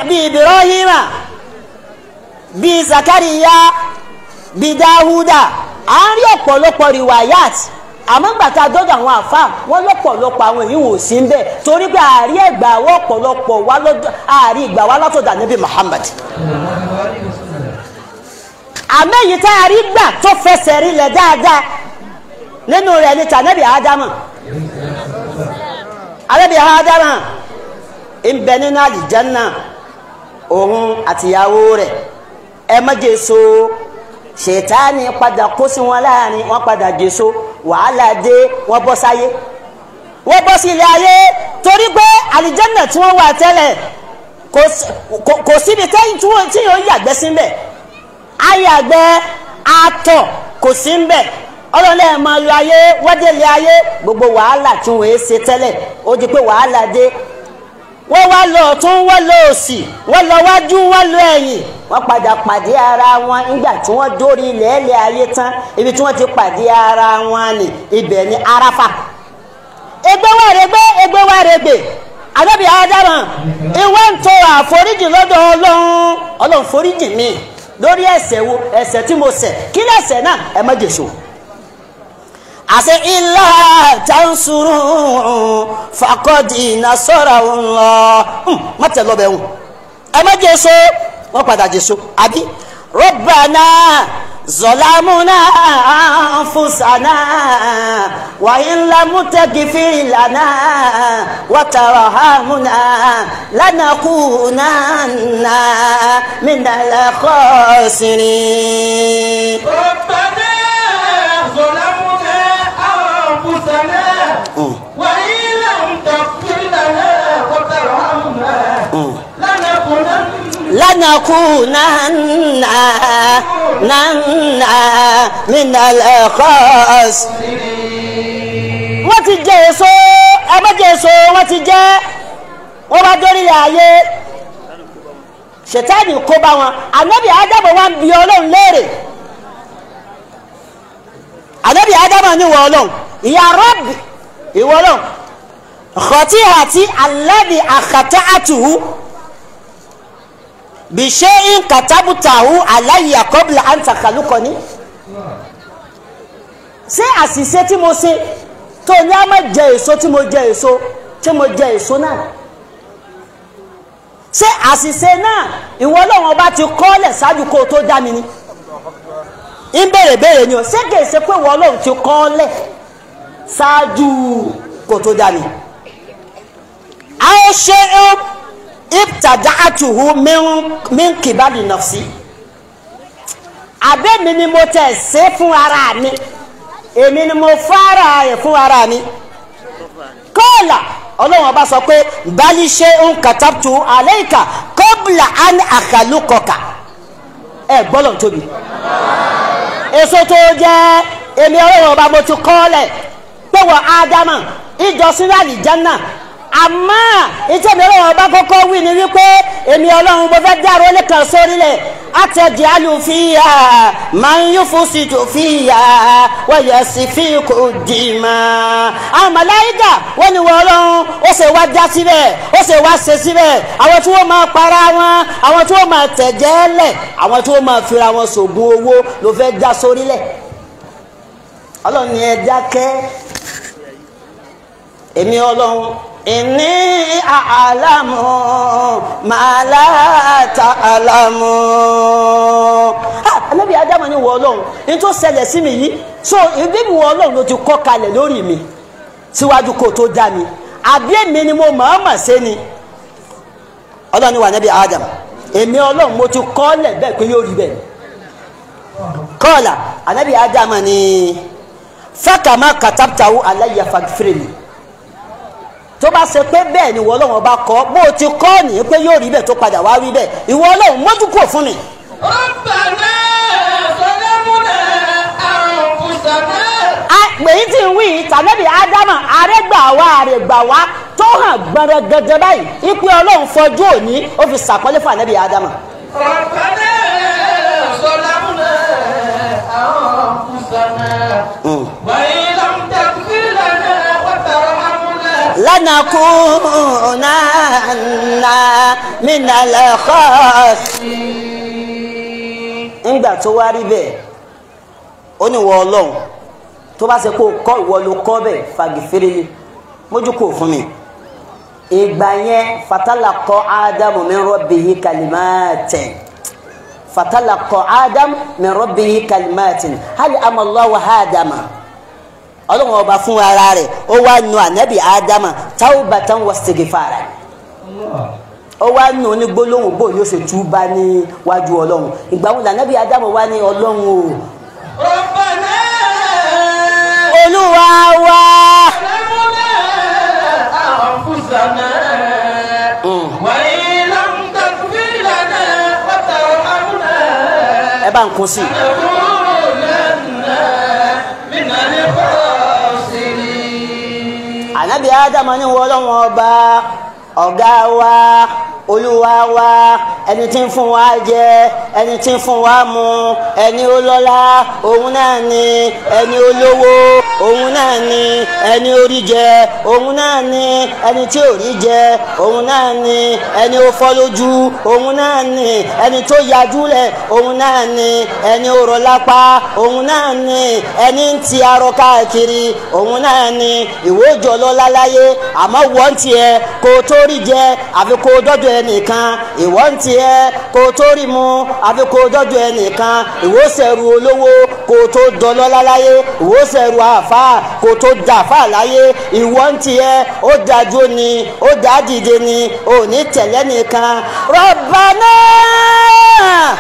بإبراهيم بزكريا بداود a ń rí ọ̀pọ̀lọpọ̀ riwayat àmọ́ gbàtà dọ́dọ̀ àwọn àfa wọn lọ́pọ̀lọpọ̀ àwọn èyí wò sí ń bẹ̀ torí pé àárí ẹ̀gbà wọ́n ọ̀pọ̀lọpọ̀ wá lọ́dọ̀ àárí ìgbà wá látọ̀dọ̀ ànábì Muhammad. àmẹ́yìí tá a rí gbà tó fẹsẹ̀ rinlẹ̀ dáadáa nínú rẹ̀ ni tànábì Ádámù. ànábì Ádámù. ń bẹ nínú àlìjánná òun àtìyàwó rẹ̀ ẹ má jèso ṣètáni padà kó sí wọn láàrin wọn padà jèso wàhálà dé wọn bọ́ sáyé Wọn bọ́ sí ilé ayé torí pé àlìjánná tí wọ́n wà tẹ́lẹ̀ kò síbi tẹ́yìn tí ti yàgbẹ́ sí mbẹ̀ ayàgbẹ́ àtọ̀ kò sí mbẹ̀ ọlọ́lẹ̀ máa lo ayé lé ayé gbogbo wàhálà tí wọ́n ṣe tẹ́lẹ̀ ó di pé wàhálà dé wọ́n wá lọ ọ̀tún wọ́n lọ òsì wọ́n lọ wájú wọ́n lọ ẹ̀yìn wọ́n padà pàdé ara wọn nígbà tí wọ́n dórí ilẹ̀ ẹ̀lẹ́ ayé tán ibi tí wọ́n ti pàdé ara wọn ni ibẹ̀ ni arafa. ẹgbẹ́ wa rẹgbẹ́ ẹgbẹ́ wa rẹgbẹ́ àdóbi àádámà ìwé ń tọrọ àforíjì lọ́dọ̀ ọlọ́run ọlọ́run foríjì mi lórí ẹ̀ṣẹ̀ wo ẹ̀ṣẹ̀ tí mo ṣẹ̀ kí lẹ̀ṣẹ̀ náà ẹ má jèṣò àṣẹ ilá tansuru fakọ́dì nasọ́ra ń hmm, lọ wọ́n tẹ̀ lọ́bẹ̀ wọn ẹ má jẹ́ so wọ́n padà jẹ́ so àbí rọ́bànà zọlámúná ànfùsànà wàhíńlámútẹ́gìfì lànà wàtàrà hàmúná lánàkúnánà mìnàlẹ́kọ̀ọ́sìnrin. rọ́bànà zọlámúná. أنفسنا وإن لم تغفر لنا وترحمنا لنكونن من الخاسرين wọ́n ti jẹ èso ẹgbẹ́jẹ èso wọ́n ti jẹ wọ́n bá dórí ààyè ṣètẹ́ẹ̀nì kó bá wọn ànábì ádámù wa ń bi ọlọ́run léèrè àdébí ádámà ní ìwọ ọlọ́run ìyá rọ́ọ̀bì ìwọ ọlọ́run xọtí àti alẹ́bi àkàtà àtùwù bìṣe ìkàtàbùtàwù aláyé àkọ́bìlà àǹtàkàlùkọ́ni ṣé àṣìṣe tí mo ṣe tó ní a máa jẹ èso tí mo jẹ èso tí mo jẹ èso náà ṣé àṣìṣe náà ìwọ ọlọ́run ọba ti kọ́lẹ̀ ṣáájú kó o tó dá mi ni. ń bèrè bèrè ni o ṣé kìí ṣe pé wọ́n lóun ti kọ́ lẹ̀ ṣáájú kò tó dá ni. àwọn ṣe ń ibtada atuhu min kibali nafsi àbẹ́ mi ni mo tẹ̀ ṣe fún ara mi èmi ni mo fara ẹ̀ fún ara mi kọ́ọ̀là ọlọ́run ọba sọ pé bali ṣe ń katabtu alayka qabla an àkàlùkọ̀kà ẹ̀ gbọ́dọ̀ tóbi. èso tó jẹ́ èmi ọlọ́run ọba mo ti kọ́ ọ́lẹ̀ pé wọ́n ádámà ìjọsìn láàyè jẹ́ náà àmọ́ ìjẹ́mi ọlọ́run ọba kọ́kọ́ wí ni wípé èmi ọlọ́run mo fẹ́ dárò lẹ́kàn sórílẹ̀ àtẹ̀dí àlùfíà máa ń yún fún sìtòfíà wọ̀yẹ̀ sí fi kò dì mà. àwọn màláíkà wọ́n ní wọ́n ọlọ́run ó ṣe wá já síbẹ̀ ó ṣe wá ṣe síbẹ̀ àwọn tí wọ́n máa para wọn àwọn tí wọ́n máa tẹ̀jẹ́ lẹ̀ àwọn tí wọ́n máa fira wọn ṣògùn owó ló fẹ́ já sórílẹ̀ ọlọ́run ni ẹ dákẹ́ èmi ọlọ́run ìní àlámù màálà tàlámù. anábì ádámù ni wọ ọlọ́run ní tó ṣẹlẹ̀ sí mi yìí so ìbíbi wọ ọlọ́run ló ti kọ́ kalẹ̀ lórí mi síwájú kó tó dá mi àbí èmi ni mo mọ̀ọ́mọ̀ ṣe ni ọlọ́run ni wà nábì ádámù èmi ọlọ́run mo ti kọ́ lẹ̀ bẹ́ẹ̀ pé yóò rí bẹ́ẹ̀ kọ́ọ̀là anábì ádámù ni fákàmá kàtàkùtà aláyà fagfrèmí. tó bá se pé bẹ́ẹ̀ ni ìwọ ọlọ́run ọba kọ bó o ti kọ́ ni pé yóò rí bẹ́ẹ̀ tó padà wá rí bẹ́ẹ̀ ìwọ ọlọ́run mójú kò fún mi. ó bàbá sọlẹ́múnà àrùn kùsàmẹ́. àpèyí tí ń wí tàbí ádámà àrẹ́gbà wá tó hàn gbọ̀ngàngàngàn báyìí ipe ọlọ́run fọjú òní ó fi ṣàpọ́nlé fún ànábì ádámà. Hmm. lanakunanna minala khasi. ńgbà tó wá rí bẹ́ẹ̀ ó ní wọ ọlọ́run tó bá ṣe kó o kọ́ ìwọ ló kọ́ bẹ́ẹ̀ fagifere ni mójú kò fún mi. ìgbà yẹn fatala kọ ádámù min rabbihi kalimatin fatala kọ ádámù min rabbihi kalimatin hali amallahu ádámù. ọlọ́run ọba fún ara rẹ̀ ó wá nu ànábì ádámà taubatan fara ó wá nu onígbólóhùn yóò ṣe ọlọ́run ìgbà wọn ádámà wá ọlọ́run o. olúwa wá. ànábì ádámà ní wọ́n lọ́wọ́ ọba ọ̀gá wa olúwa wa ẹni tí ń fún wa jẹ ẹni tí ń fún wa mu ẹni olọ́lá òun náà ni ẹni olówó òun náà ni ẹni orí jẹ òun náà ni ẹni tí ò rí jẹ òun náà ni ẹni ó fọ́ lójú òun náà ni ẹni tó yajú lẹ̀ òun náà ni ẹni ó òun náà ni ẹni ń ti arọ káàkiri òun náà ni ìwé ìjọlọ́lá láyé àmọ́ wọ́n tiẹ̀ kó tó rí jẹ àfi kó dọ́dọ̀ ẹnìkan ìwọ́n tiẹ̀ kó tó rí mu àfi kó dọ́dọ̀ ẹnìkan ìwọ́sẹ̀rù olówó kó tó dọlọ́lá láyé ìwọ́sẹ̀rù àfà kó tó dàfà láyé ìwọ́ ń tiẹ̀ ó dájú ni ó dá ni ò ní tẹ̀lé nìkan Rabbana. Ah!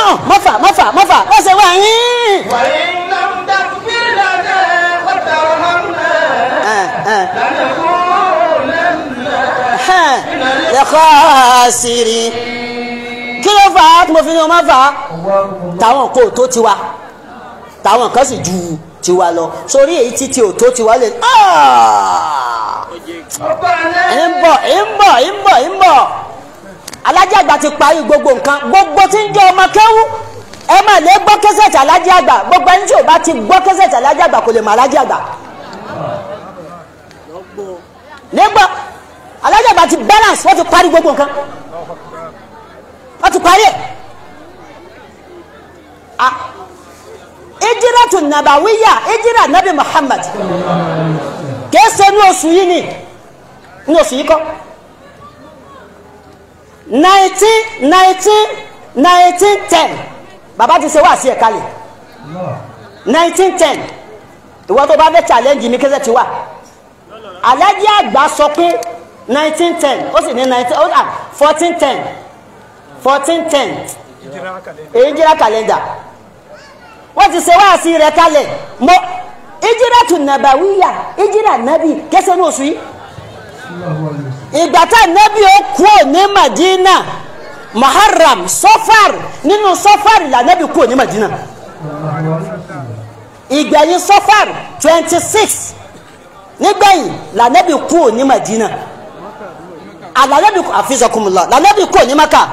Ah! mọ́fà mọ́fà mọ́fà ó ṣe wáyé. al-khasiri kí ló fà á tí mo fi ní ọmọ fà á táwọn kò tó tiwa táwọn kan sì ju tiwa lọ sórí èyí tí ò tó tiwa lè ah! ẹ ń bọ̀ ń bọ̀ ń bọ̀ ń bọ̀ alájà àgbà ti parí gbogbo nǹkan gbogbo tí ń jẹ́ ọmọ kéwú ẹ má lè gbọ́ kẹsẹ̀tì alájà àgbà gbogbo ẹni tí ò bá ti gbọ́ kẹsẹ̀tì alájà àgbà kò lè mọ alájà àgbà alájà ìgbà ti balance wọ́n ti parí gbogbo nǹkan wọ́n ti parí ẹ̀ a ah, ejira tó Nabawiya, ejira nabi Muhammad kìí ṣe ní oṣù yìí ni ní oṣù yìí kọ́ nineteen nineteen nineteen ten Baba ti ṣe wá sí ẹ̀ka lè nineteen ten ìwọ́n tó bá fẹ́ challenge mi kẹ́sẹ̀ ti wà alájà àgbà sọ pé nineteen ten ó sì ní nineteen ó ah fourteen ten fourteen ten ìjírá kàlẹ́ndà wọ́n ti ṣe wáàsí rẹ̀ kalẹ̀ mo ìjírá tù nàbàwíyà ìjírá nàbì kẹsẹ̀ ní oṣù yìí ìgbà tá nàbì ó kú ò ní Madina Muharram Sofar nínú Sofar là nàbì kú ò ní Madina ìgbẹ̀yìn Sofar twenty six nígbẹ̀yìn là nàbì kú ò ní Madina alanabi afizakumula lanabi kò ní maka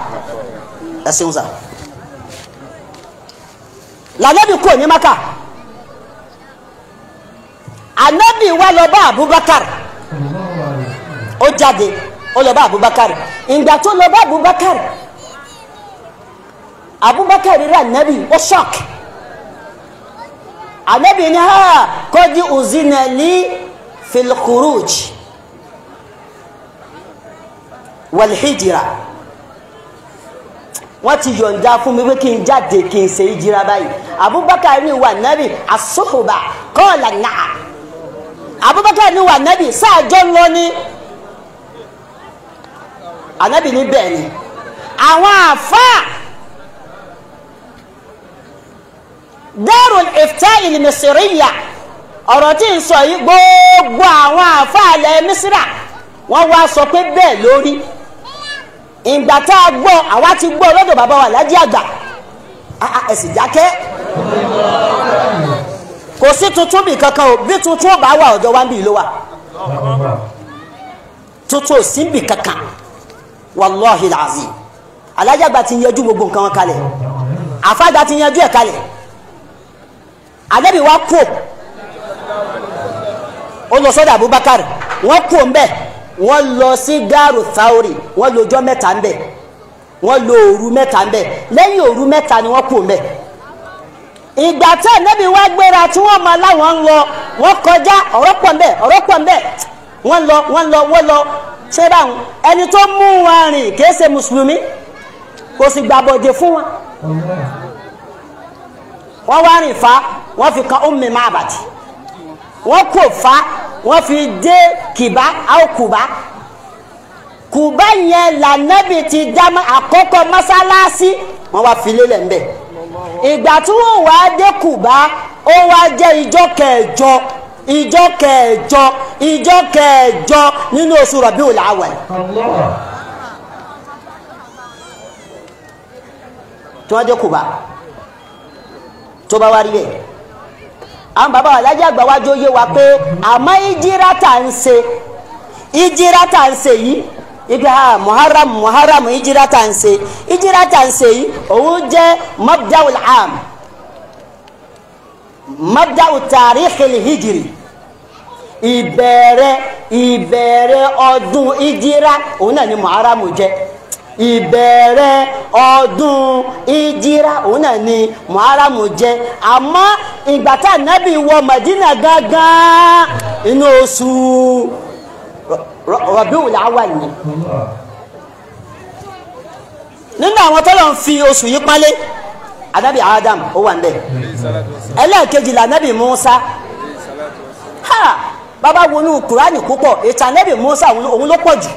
ẹ ṣeun sa lanabi kò ní maka anabi wa lọ bá abubakar ó jáde ó lọ bá abubakar ìgbà tó lọ bá abubakar abubakar rí anabi ó ṣọk anabi ni ha kọ́ di uzinali filkuruj wàlíhìjìrà wọ́n ti yọ̀ǹda fún mi pé kí n jáde kí n ṣe ìjìrà báyìí abubakar ni wà nábì asọ́hùbà kọ́ọ̀là náà abubakar ni wà nábì sáàjọ́ ńlọ ni ànábì ní bẹ́ẹ̀ ni àwọn àfáà darul ifta il ọ̀rọ̀ tí ń sọ yìí gbogbo àwọn àfáà ilẹ̀ misira wọ́n wá sọ pé bẹ́ẹ̀ lórí ìgbà tá a gbọ́ àwa ti gbọ́ lọ́dọ̀ bàbá wa lájí àgbà ẹ̀sìn jákẹ́ kò sí tuntun bì kankan o bí tuntun ó bá wà ọ̀dọ̀ wa níbi ìlú wa tuntun ò sí bì kankan wàláhi làzí alájí àgbà ti yanjú gbogbo nǹkan wọn kalẹ̀ àfàgbà ti yanjú ẹ̀ kalẹ̀ àdẹ́bí wa kú ó Abubakar wọ́n kú ń bẹ́ẹ̀. wọ́n lọ sí gaaru thauri wọ́n lọ́jọ́ mẹ́ta ń bẹ̀ wọ́n lọ òru mẹ́ta ń bẹ̀ lẹ́yìn òru mẹ́ta ni wọ́n kù ń ìgbà tẹ́ nẹ́bí wá gbéra tí wọ́n mọ aláwọ̀ ń lọ wọ́n kọjá ọ̀rọ̀ pọ̀ ń bẹ̀ ọ̀rọ̀ pọ̀ ń bẹ̀ wọ́n lọ wọ́n lọ wọ́n lọ ṣé báwọn ẹni tó mú wọn rìn kìí ṣe mùsùlùmí kò sì gbàbọ̀dẹ̀ fún wọn wọ́n wá rìn fa wọ́n fi kan ó mímọ́ àbàtì. wọ́n kò fa wọ́n fi dé kìbá àwọn kùbá kùbá yẹn lànàbì ti dá àkọ́kọ́ mọ́sálásí wọ́n wá fi lélẹ̀ ń bẹ̀ ìgbà tí wọ́n wá dé kùbá ó wá jẹ́ ìjọ kẹjọ ìjọ kẹjọ ìjọ kẹjọ nínú oṣù Rabiul Awwal tí wọ́n dé kùbá tó bá wá rí bẹ́ẹ̀ àwọn bàbá wa alájà àgbà wájú ó yé wa pé àmọ́ ìjírá tà ń ṣe ìjírá tà ń ṣe yìí ibi ha muharram muharram ìjírá tà ń ṣe ìjírá tà ń ṣe yìí òun jẹ́ mabda'ul am mabda'u tarikhil hijri ìbẹ̀rẹ̀ ìbẹ̀rẹ̀ ọdún ìjírá òun náà ni muharram jẹ́. ìbẹ̀rẹ̀ ọdún idira òun náà ni muharamu jẹ́ àmọ́ ìgbà tá ànábì wọ Madina gángan inú oṣù Rabiul Awwal ni nínú àwọn tọ́lọ̀ ń fi oṣù yìí pálé Anabi Adam ó wà níbẹ̀ ẹlẹ́ẹ̀kejì là ànábì Musa ha bàbá wọnú Kùránì púpọ̀ ìtàn ànábì Musa òun ló pọ̀ jù.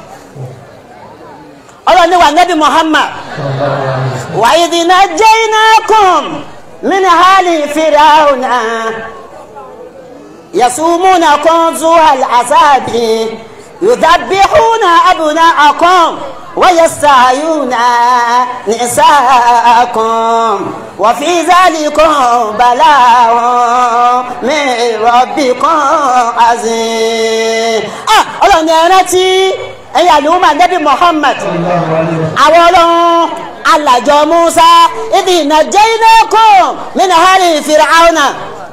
ọlọ́run ní wa nẹ́bí Muhammad wa idh najaynakum min hali firawna yasumunakum su'al azabi yudhabbihuna abna'akum wa yastahiyuna nisa'akum wa fi dhalikum bala'un min rabbikum azim. Ah, ọlọ́run ní ẹran tí ẹ̀yin àlùmọ́ nẹ́bí Muhammad àwọn ọlọ́run alàjọ Musa ibi ìnàjẹ́ iná kò nínú hàrí Fìràhánà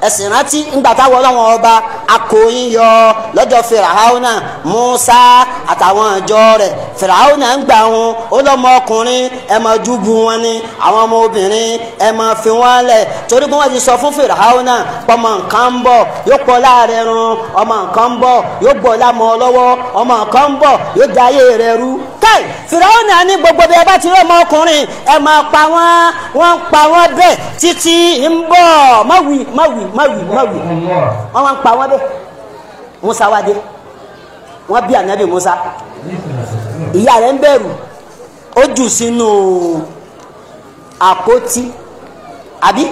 ẹ̀sìn rántí ńgbà táwọn ọlọ́run ọba akóyin yọ lọ́jọ́ Fìràhánà Musa àtàwọn ìjọ rẹ̀ Fìràhánà ń gbà wọn ó lọ́mọ ọkùnrin ẹ júbù wọn ni àwọn ọmọ obìnrin ẹ fi wọn lẹ̀ torí bí wọ́n ti sọ fún Fìràhánà pọ́mọ nǹkan ń bọ̀ yóò pọ̀ láàrin run ọmọ nǹkan ń bọ̀ yóò gbọ́ lámọ́ lọ́wọ́ ọmọ nǹkan ń bọ̀ yóò jayé rẹ̀ rú. káì gbogbo bí bá ti rí ọmọ ọkùnrin ẹ máa pa wọ́n wọ́n pa wọ́n bẹ́ẹ̀ títí ń bọ̀ máwì máwì máwì máwì wọ́n wọ́n pa bẹ́ẹ̀ Musa Musa ìyá ń ó jù sínú àpótí àbí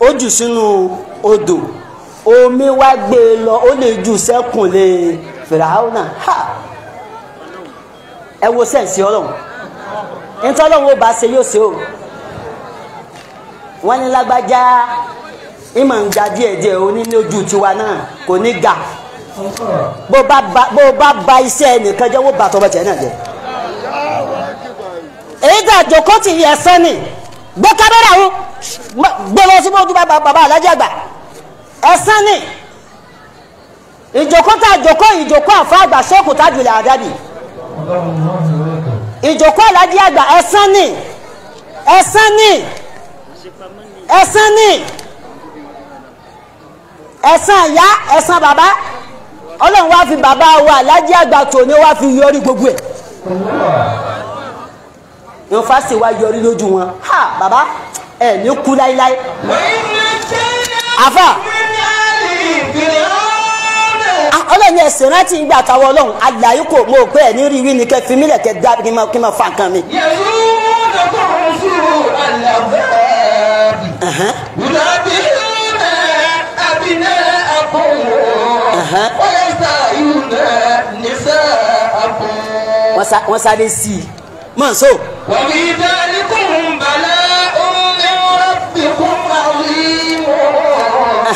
ó jù sínú odò omi e lọ ó lè jù ha. ẹ wo sẹ́ǹsì ọlọ́run nítorí ọlọ́run ó bá ṣe yóò ṣe o wọ́n ní lágbájá ìmọ̀ ń ga díẹ̀ díẹ̀ onílójú tiwa náà kò ní ga bó bá ba iṣẹ́ ẹnìkan jẹ́ wó bá tọ́ bá tiẹ̀ náà jẹ́ èyí dà jòkó tì yẹ sẹ́ni gbé kámẹ́rà ń gbé lọ sí mọ́tò bàbá alájà gbà ẹ̀sán ni ìjòkó tá jòkó ìjòkó àfa àgbà ṣẹ́kù tájú ilẹ̀ ìjòkó alájí àgbà ẹ̀sán ni ẹ̀sán ni ẹ̀sán ni ẹ̀sán ìyá ẹ̀sán bàbá ọlọ́run wá fi bàbá wa alájí àgbà tòní wá fi yọrí gbogbo ẹ̀ yóò fásitì wá yọrí lójú wọn ha bàbá ẹ̀ ní kú láíláí àfà ọlọ́ni ẹ̀sìn rántí ìgbà àtàwọn ọlọ́run àgbáyé kò mọ ẹ̀ ní rí wí ni kẹ́ fi mílẹ̀ kẹ́ dá kí n máa fa nǹkan mi. wọ́n sáré sí i mọ̀ n so. wàmí dálé.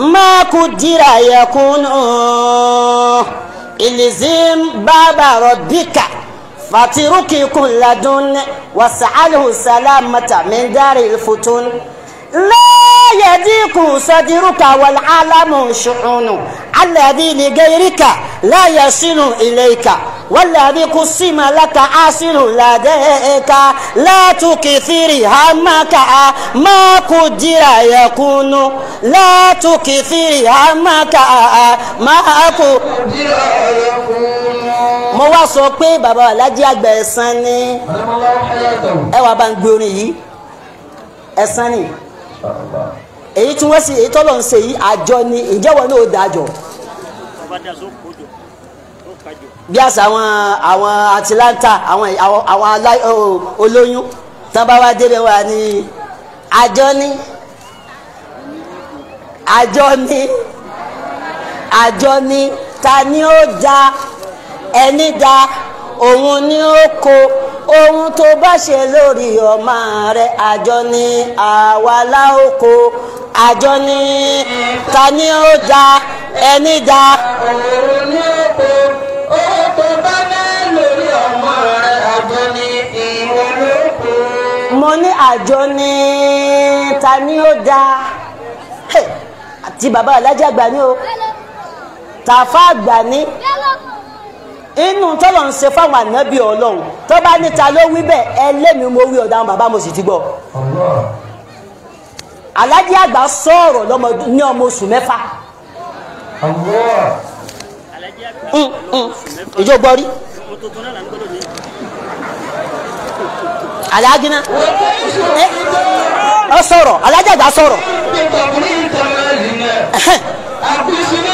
ما قدر يكون إلزم باب ربك فاترك كل دون واسأله السلامة من دار الفتون لا يضيق صدرك والعالم شعون الذي لغيرك لا يصل إليك والذي قسم لك أصل لديك لا تكثر همك ما قدر يكون لا تكثر همك ما قدر يكون mo wá sọ pé bàbá alájí àgbà ẹ̀sán ni ẹ wàá bá ń gbé orin yìí ẹ̀sán ni èyí tí wọ́n sì èyí tọ́lọ̀ ń ṣe yìí àjọ ni ìjẹ́wọ́ náà ó dájọ́ bí àṣà àwọn àwọn atilanta àwọn àwọn olóyún tán bá wá débẹ̀ wá ní àjọ ni àjọ ni àjọ ni ta ni ó da ẹni da òun ni ó ko ohun tó bá ṣe lórí ọmọ rẹ àjọ ni àwa láòkó àjọ ni ta ni ó da ẹni da. òun ní òkú àjọ ní ta ni ó da àti bàbá alájà gbà ní o tàfà gbà ní inú tọ́lọ̀ ń ṣe fáwọn ànábì ọlọ́run tó bá níta ló wí bẹ́ẹ̀ ẹlẹ́mi mo wí ọ̀daràn bàbá mo sì ti gbọ́. alájí àgbà sọ̀rọ̀ lọ́mọ ní ọmọ oṣù mẹ́fà. Mm, mm. ìjọ gbọ́ rí. alájí náà ọ eh, sọ̀rọ̀ alájí àgbà sọ̀rọ̀. [laughs]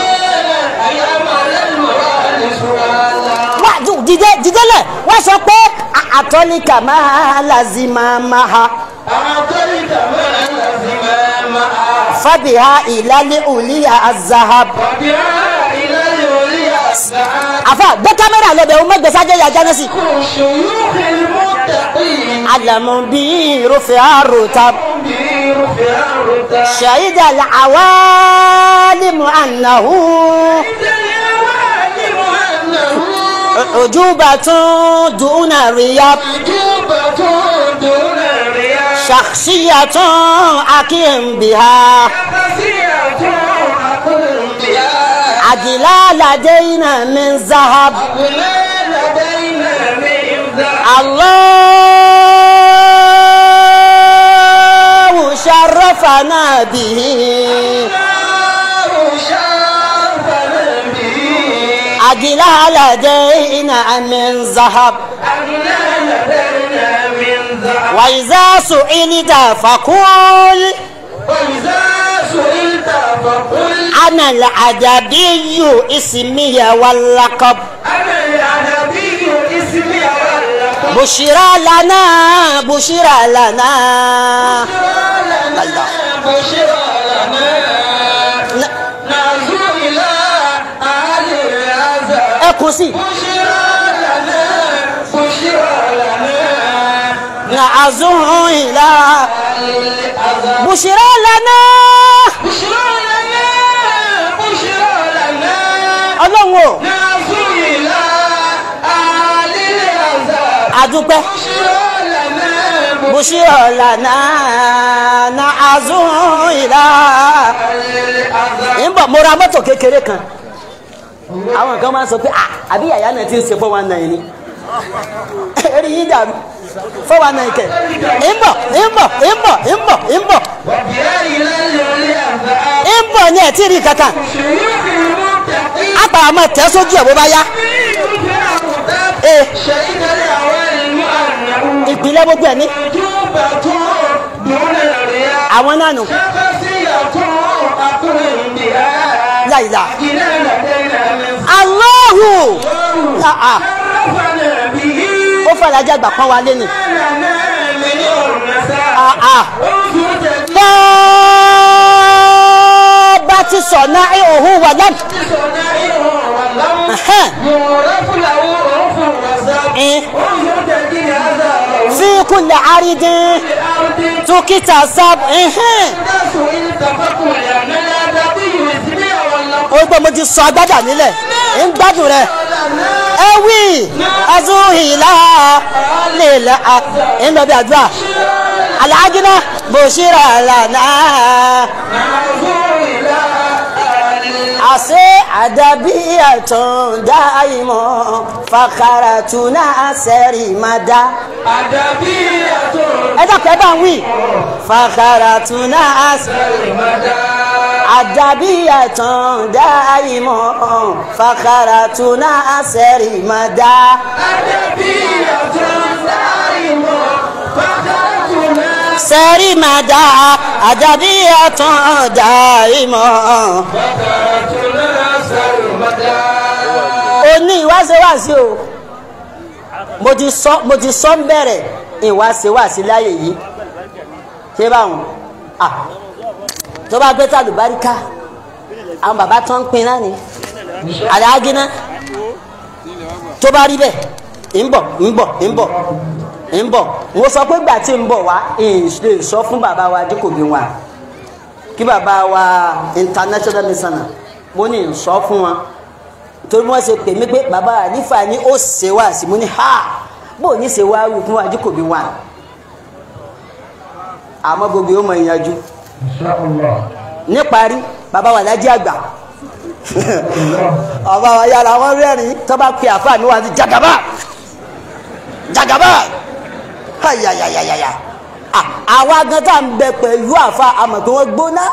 dìde dìde lẹ̀ wọ́n sọ pé àtọ́nìkà máa lazima máa. àtọ́nìkà máa lazima máa. fàbíhá ìlàlẹ̀ òlíyà azahab. fàbíhá ìlàlẹ̀ òlíyà azahab. àfà gbé kámẹ́rà lọ́bẹ̀ òun mẹ́gbẹ̀ẹ́ sájẹ́ ya jánà sí. kò ṣòyún ìlú tẹ̀lé. alamu bí irúfẹ́ àròta. alamu bí irúfẹ́ àròta. ṣàyídà làwálìmù ànàhùn. ṣàyídà عجوبة دون رياب شخصية أقيم بها عدلا لدينا من ذهب الله شرفنا به عجلها لدينا من ذهب وإذا سئلت فقول وإذا سئلت فقول أنا العددي اسمي واللقب أنا العددي اسمي واللقب بشرى لنا بشرى لنا بشرى لنا بشرى ẹ kò sí. نعزوه إلى بشرى لنا بشرى لنا بشرى لنا الله نعزوه إلى أهل الأزهار أدوبة بشرى لنا بشرى لنا نعزوه إلى أهل الأزهار ń bọ̀ mo ra mọ́tò kékeré kan àwọn kan máa ń sọ pé ah, àbí yàyà náà ti ń ṣe four one nine ni [laughs] eré yín dàrú four one nine kẹ ń bọ̀ ń bọ̀ ń bọ̀ ń bọ̀ ń bọ̀ ń bọ̀ ni ẹ̀ tí ì rí kankan apá àmọ́ tẹ́ sójú ẹ̀ bó bá yá ìpínlẹ̀ gbogbo ẹ̀ ní àwọn náà nù láìláà. Allahu ah, ah. ó fẹ́rẹ̀ ajá àgbà kan wálé ni. Ah, bá ti sọ náà ẹ òhun wà lẹ́nu. fi kulli aridin tukita sab ogbó mo ti sọ agbádà nílẹ̀ ń gbádùn rẹ̀ ẹ wí azuhila lèlà ń lọ bí àdúrà alágínà bòṣírà lànà àṣẹ àdàbí àtàn dáìmọ̀ fàkàrà tùnà sẹ́rì máa dá. àdàbí àtàn. ẹ dákẹ́ bá ń wí. fàkàrà tùnà sẹ́rì máa dá àdàbí àtàn dá ìmọ̀ fàkàrà túná àṣẹrì má dá. àdàbí àtàn dá ìmọ̀ fàkàrà túná. sẹ́rì má dá àdàbí àtàn dá ìmọ̀. fàkàrà túná àṣẹrì má dá. o ní ìwáṣewáṣe o mo ti sọ mo ti sọ ń bẹ̀rẹ̀ ìwáṣewáṣe láyé yìí ṣé báwọn. tó bá gbé tàlùbáríkà àwọn bàbá tó ń pin náà ni àdáàgínà tó bá rí ń ń mo sọ pé gbà ń bọ̀ wá sọ fún bàbá wa díkòbí wà kí bàbá wa international missioner mo ní sọ fún wọn torí ṣe pè mí pé bàbá wa nífà ó ṣe wá sí mo ní ha bó ní ṣe wá wù fún wa gbogbo yóò mọ níparí bàbá wa lájẹ àgbà ọba wa yàrá wọn rẹ́rìn tó bá pe àfáà mi wá sí jagaba jagaba ayayayaya àwa gan tá à ń bẹ pẹ̀lú àfa àmọ̀ tó wọ́n gbóná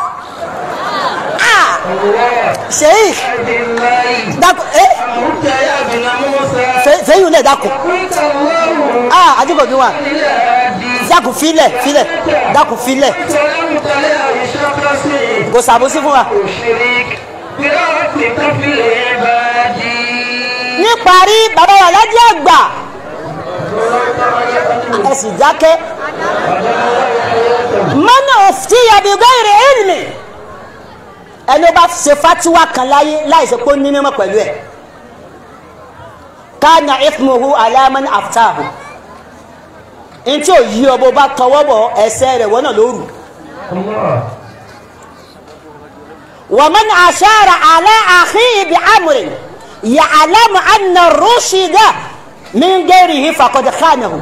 sheikh dako eh seyin ne dako ah ajibobi wa dákun filẹ̀ filẹ̀ dákun filẹ̀ kò sàbòsí fún wa. níparí bàbá wa lájẹ àgbà ẹ sì dákẹ́ mọ́nà òfin yàbígbé rẹ̀ ẹ̀rìnì ẹni bá ṣe fatiwa kan láyé láìsí pé ó ní mímọ́ pẹ̀lú ẹ̀ káàna ifmuhu alaman aftahu n tí ò yí ọ bó bá tọwọ́ bọ̀ ẹsẹ̀ rẹ̀ wọ́n náà ló rù. wa man ashara ala akhihi bi amrin ya'lamu anna rushida min ghairihi faqad khanahu.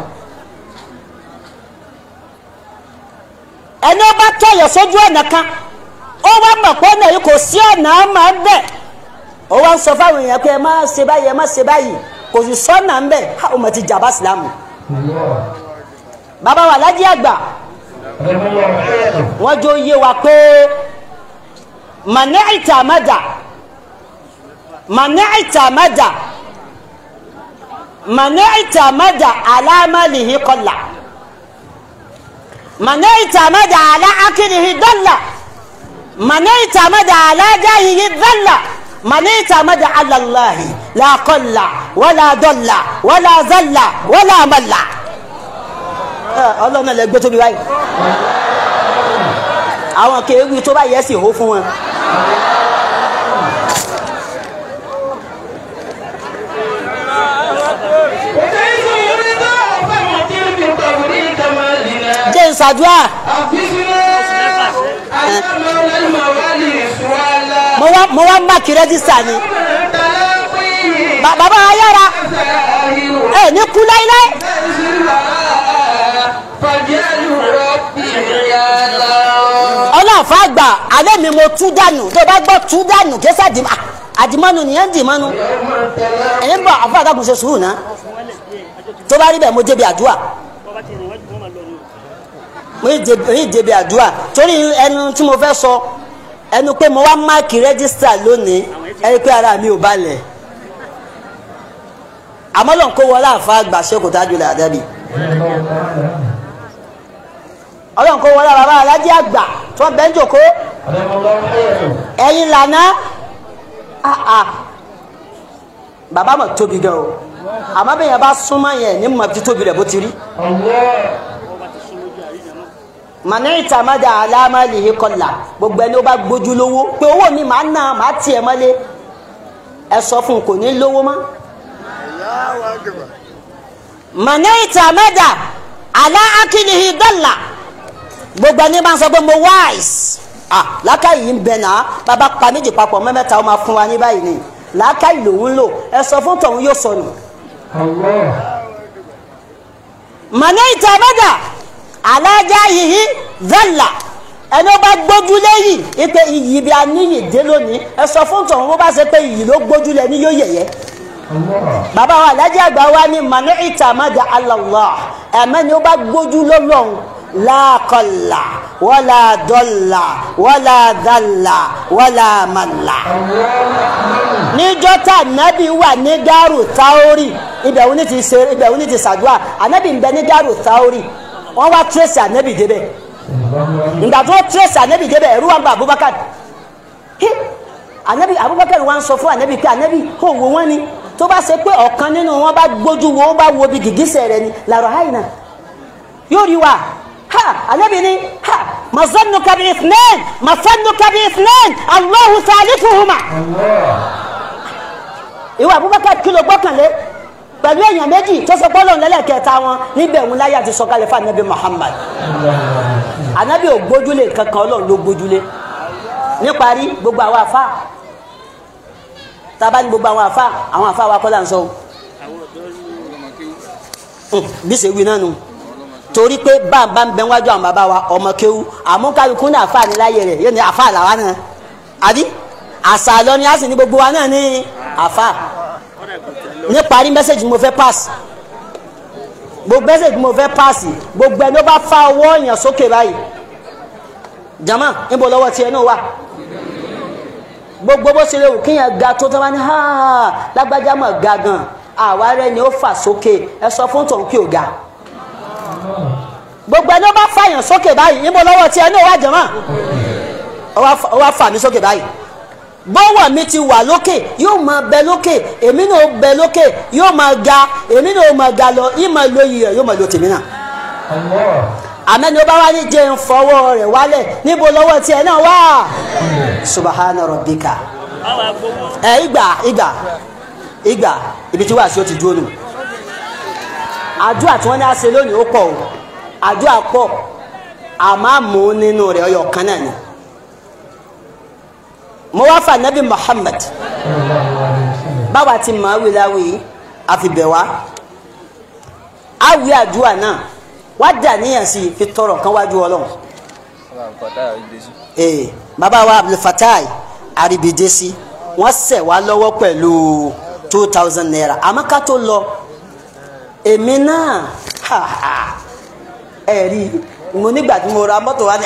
ẹni ọba tọyọ sójú ọ̀nà kan ó wá mọ̀ pé ọ̀nà yìí kò sí ọ̀nà àmọ́ ń ó wá ń sọ fáwọn èèyàn pé ẹ má ṣe báyìí ẹ má ṣe báyìí kò sì sọ́nà ń bẹ̀ ó mọ̀ ti jàbá sílámù. bàbá wa lájí àgbà wọ́n jó yé wa pé mada ala malihi qalla mani'ta mada ala akilihi dalla mani'ta mada ala mànẹ́ẹ̀tà dalla aláàdáhìhí مدى على الله لا قل ولا دل ولا زل ولا mọ́là. ọlọ́run náà lẹ gbé tóbi báyìí àwọn kéwì tó bá yẹ sí hó fún wọn. jẹ́ ìsàdúrà. mo wá mo wá rẹ́jísítà ni. bàbá ayára ẹ̀ ní kú láíláí ọlọ́ọ̀fà àgbà alẹ́ mi mo tú dànù tó bá gbọ́ tú dànù kẹsà dìmọ́ àdìmọ́nu nìyẹn dìmọ́nu ẹ̀yìn bọ̀ àfọ àgàgùn ṣe sùúrù náà tó bá rí bẹ́ẹ̀ mo débi àdúrà mo yí débi àdúrà torí ẹnu tí mo fẹ́ sọ ẹnu pé mo wá máàkì rẹ́gísítà lónìí ẹni pé ara mi ò balẹ̀ àmọ́ lọ́nkó wọlé àfa àgbà ṣe kò dájú làdábì. ọlọ́run kó wọlé bàbá alájí àgbà tó bẹ́ẹ̀ ń jòkó ẹ̀yin lànà ah, ah. bàbá mọ̀ tóbi gan o àmọ́ bẹ́ẹ̀ yẹn bá súnmọ́ yẹn ní mọ̀ fi tóbi rẹ̀ bó ti rí. màná ìtàmádà aláàmàlì yìí kọlà gbogbo ẹni ó bá gbójú lówó pé owó mi màá nà màá tiẹ̀ mọ́lé ẹ sọ fún kò ní lówó mọ́. màná ìtàmádà aláàkìlì dọ́là. gbogbo ẹni máa ń sọ pé mo wise ah làákàyè yìí ń bẹ náà bàbá pa méjì papọ̀ mẹ́mẹ́ta ó máa fún wa ní báyìí ni làákàyè lòun ń lò ẹ sọ fún tọ̀hún yóò sọnù. mọ̀nà ìtàbádà alájà yìí dẹ́là ẹni ó bá gbójú léyìí ipe iyì bí a dé lónìí ẹ sọ fún tọ̀hún bó bá ṣe pé iyì ló gbójú lẹ ní yóò yẹ̀yẹ́ bàbá wa alájà àgbà wa ni mọ̀nà ìtàbádà aláwọ̀ ẹ̀mẹ́ni ó bá gbójú lọ́lọ́run لا قل ولا دل ولا ذل ولا مل níjọ́ wa ànábì taori ní dárò táórì ti ṣe ibẹ̀ òun ní ti ṣàdúrà ànábì ń bẹ Abubakar ànábì Abubakar wa n sọ fún ànábì pé ànábì kò wò ni tó bá se pé ọ̀kan nínú wọn bá gbójú bá wo ha anabi ni ha mazanuka bi ifnan masanuka bi ifnan allahu saalifuhuma. ìwà abubakar kìlọ̀ gbọ́kànlé pẹ̀lú èèyàn méjì tó sọ pọ́lọ́ lẹ́lẹ́kẹta wọn níbẹ̀ ń láyà ti sọ̀kalẹ̀ fún anabi muhammad anabi ò gbójúlé kankan ọlọ́run ló gbójúlé níparí gbogbo àwọn afa tábà ní gbogbo àwọn afa àwọn afa wa kọ́ là ń sọ. Hm, bí ṣe wí náà nù torí pé bàbá ń bẹ wájú àwọn bàbá wa ọmọ kéwu àmúkálukú ní àfa níláyè rẹ yóò ní àfa làwa náà àbí àṣà lọ ni a sì ní gbogbo wa náà ní àfa ní parí mẹ́sẹ̀gì mo fẹ́ pass gbogbo mẹ́sẹ̀gì mo fẹ́ pass gbogbo ẹni ó bá fa ọwọ́ èèyàn sókè báyìí jama níbo lọ́wọ́ tiẹ̀ náà wà gbogbo bó ṣe lè wù kíyàn ga tó tó bá ní ha lágbájá mọ̀ ga àwa rẹ ni ó fà sókè ẹ sọ fún tòun kí o ga gbogbo ẹni ó bá fàyàn sókè báyìí níbo lọ́wọ́ tí ẹni òwà jẹ̀mọ́ ó wá fà mí sókè báyìí bọ́wọ̀ mi ti wà lókè yóò máa bẹ lókè èmi náà bẹ lókè yóò máa ga èmi náà máa ga lọ yìí máa lo iyì rẹ̀ yóò máa lo tèmi náà àmẹ́ni ó bá wá ní jẹun fọwọ́ rẹ̀ wálẹ̀ níbo lọ́wọ́ tí ẹ náà wà subahana rabbika ẹ ìgbà ìgbà ìgbà ibi tí wàásù ti dúró nù àdúrà tí wọ́n ní á ṣe lónìí ó pọ̀ o àdúrà pọ̀ àmọ́ àmọ́ nínú rẹ̀ ọyọ̀ kan náà ni mo wá fà nabi Muhammad báwa ti mọ̀ áwì láwì àfibẹ̀wá áwì àdúrà náà wá dà níyàn sí fi tọrọ kan wájú Ọlọ́run ee bàbá wa Abdulfatai Aribidesi wọ́n sẹ̀ wá lọ́wọ́ pẹ̀lú two thousand naira àmọ́ ká tó lọ èmi náà ha ha ẹ rí i mo nígbà tí mo ra mọ́tò wa ni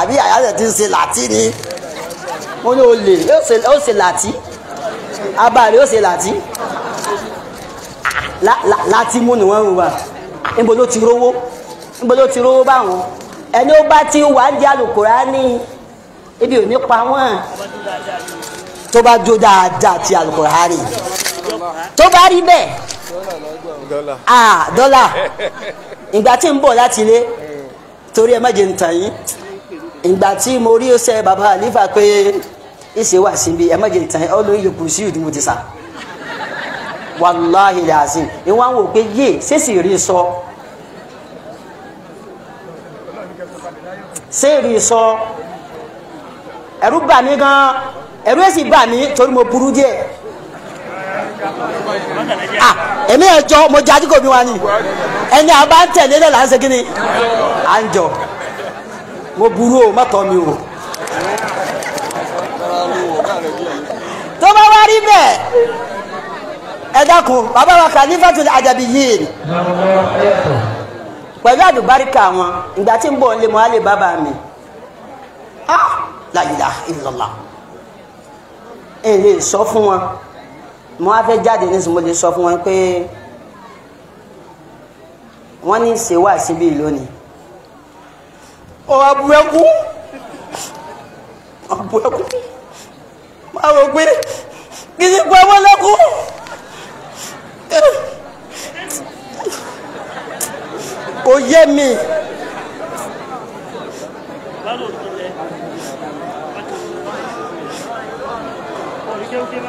àbí àyájọ́ ti ń ṣe làtí ni mo ní o lè ó ṣe làtí abáàrí ó ṣe làtí láti mú ni wọ́n ń wà níbo ló ti rówó níbo ló ti rówó báwọn ẹni ó bá ti wà ń di àlùkùránì ebi ò ní pa wọ́n tó bá jó dáadáa ti àlùkùránì tó bá rí bẹ́ẹ̀ dọ́là ìgbà tí ń bọ̀ láti ilé torí ẹ má jẹ́ ń tàn yín ìgbà tí mo rí ọsẹ bàbá àlífà pé ìṣe wà síbi ẹ má jẹ́ ń tàn yín ọlọ́run yòókù sí ìdí mo ti sà wàláhì làásìm ìwọ́n àwọn òpè yé ṣèṣì rí sọ ṣé rí sọ ẹ̀rù bà mí gan ẹ̀rù ẹ̀ sì bà mí torí mo burú díẹ̀. emi ah, ẹjọ mo jẹ́ ajíkòbí wa ni ẹni àbá ń tẹ̀lé lẹ́la ń ni à mo burú o mi o. tó bá wá rí bẹ́ẹ̀ ẹ dákun bàbá wa kà ní fàtúndì àjàbí yìí ni pẹ̀lú àdùbáríkà wọn ìgbà tí ń bọ̀ á ah, lè mi la ẹ mo wá fẹ́ jáde ní sùn mo lè sọ fún wọn pé wọ́n ní ìṣèwà síbí lónìí. ọ̀ abúlẹ́kú abúlẹ́kú máa rò pé kí ni pa wọ́n lẹ́kú. kò yé mi.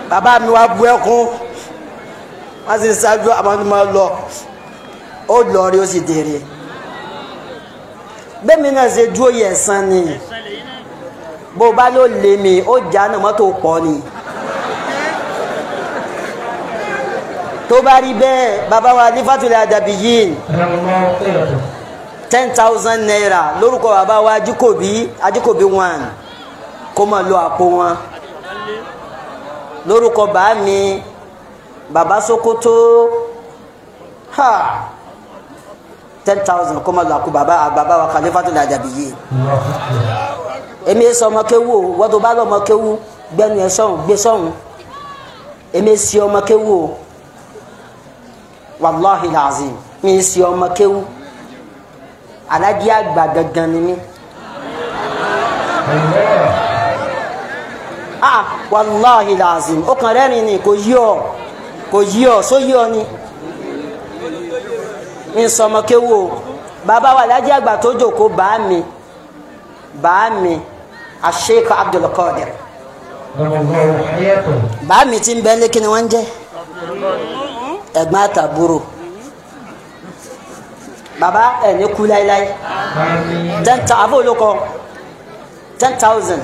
Baba, mi wá bu ẹkún wọ́n sì ṣáájú àwọn tó máa lọ ó lọ rí ó sì dèrè bẹ́ẹ̀mi náà ṣe dúró yẹ ẹ̀sán ni bó bá ló lé mi ó jà náà mọ́tò pọ̀ ni tó bá rí bẹ́ẹ̀ bàbá wa ní fàtúlẹ̀ àdàbí yìí ten thousand naira lórúkọ Baba wa ajíkòbí ajíkòbí one kó máa lo àpò wọn lórúkọ bá mi bàbá Sokoto ha ten thousand kó má lọ àkú bàbá àgbàbá wa Khalifatul Adabiye èmi sọ ọmọ kéwú o wọ́n tó bá lọ ọmọ kéwú gbẹ́nu ẹ̀ sọ̀hún gbé sọ̀hún èmi sì ọmọ kéwú o wàláhi làzim mi sì ọmọ kéwú alájí àgbà gangan ni mi ah wàláhi làzìm ọkàn rẹ rìn ni kò yí ọ kò yí ọ só yí ọ ni ń sọmọ kéwò bàbá wa lájẹ́ àgbà tó jòkó bàá mi bàá mi àṣekọ Abdulkadir bàá mi ti ń bẹ́lẹ́ kí ni wọ́n ń jẹ́ ẹ̀gbọ́n àtàbúrò bàbá ẹ̀ ní kú láéláé ten thousand àbó olóko ten thousand